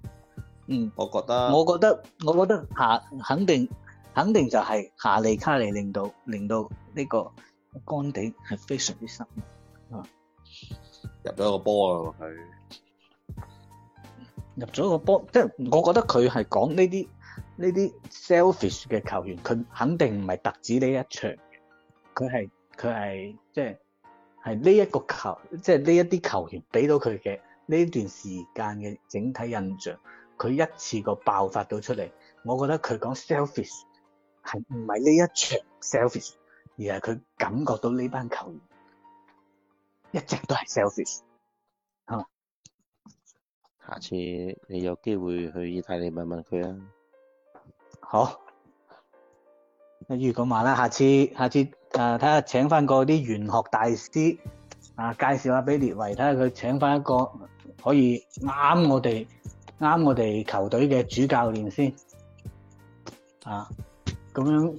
Speaker 2: 嗯，
Speaker 1: 我覺得，我覺得，我覺得下
Speaker 2: 肯定肯定就係夏利卡尼令到令到呢個干地係非常之失望啊！
Speaker 1: 入咗個波啊，佢
Speaker 2: 入咗個波，即係我覺得佢係講呢啲呢啲 selfish 嘅球員，佢肯定唔係特指呢一場，佢係。佢係即係係呢一個球，即係呢一啲球員俾到佢嘅呢段時間嘅整體印象，佢一次過爆發到出嚟。我覺得佢講 selfish 係唔係呢一場 selfish，而係佢感覺到呢班球員一直都係 selfish
Speaker 1: 吓。下次你有機會去意大利問問佢啊。
Speaker 2: 好，你如果話啦，下次下次。誒，睇下、呃、請翻個啲玄學大師，啊，介紹下俾列維睇下佢請翻一個可以啱我哋啱我哋球隊嘅主教練先，啊，咁樣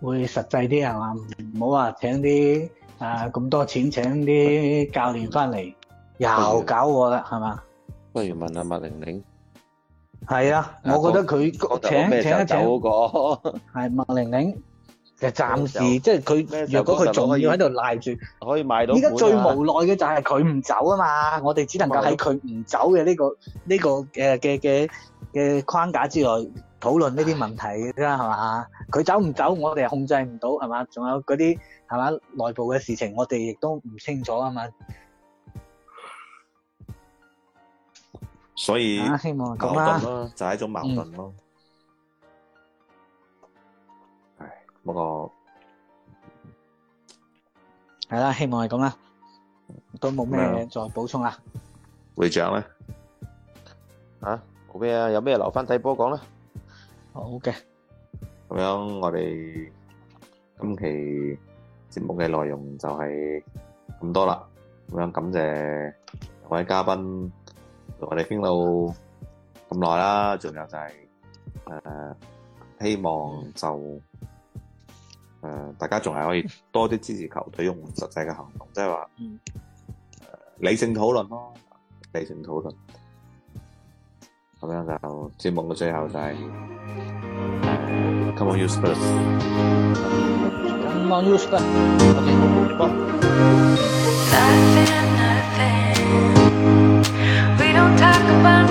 Speaker 2: 會實際啲係嘛？唔好話請啲啊咁多錢請啲教練翻嚟
Speaker 1: 又搞我啦，係嘛？不如問下麥玲玲，
Speaker 2: 係啊，
Speaker 1: 我覺得佢請走、嗰個，請一請，係
Speaker 2: 麥玲玲。就暫時，即係佢，如果佢仲要喺度賴住，
Speaker 1: 可以買到。依家最無
Speaker 2: 奈嘅就係佢唔走啊嘛，我哋只能夠喺佢唔走嘅呢個呢個嘅嘅嘅嘅框架之內討論呢啲問題啫，係嘛？佢走唔走，我哋控制唔到，係嘛？仲有嗰啲係嘛內部嘅事情，我哋亦都唔清楚啊嘛。
Speaker 1: 所以希望咁啦，就係一種矛盾咯。不
Speaker 2: 過係啦，希望係咁啦，都冇咩嘢再
Speaker 1: 補充啦。會長咧啊，冇咩啊，有咩留翻睇波講啦。好嘅，咁樣我哋今期節目嘅內容就係咁多啦。咁樣感謝各位嘉賓同我哋傾到咁耐啦，仲有就係誒，希望就。誒，大家仲係可以多啲支持球隊用實際嘅行動，即係話理性討論咯，理性討論。咁樣就節目嘅最後就係誒，Come on，You Spurs！Come
Speaker 2: on，You
Speaker 3: Spurs！好，唔該。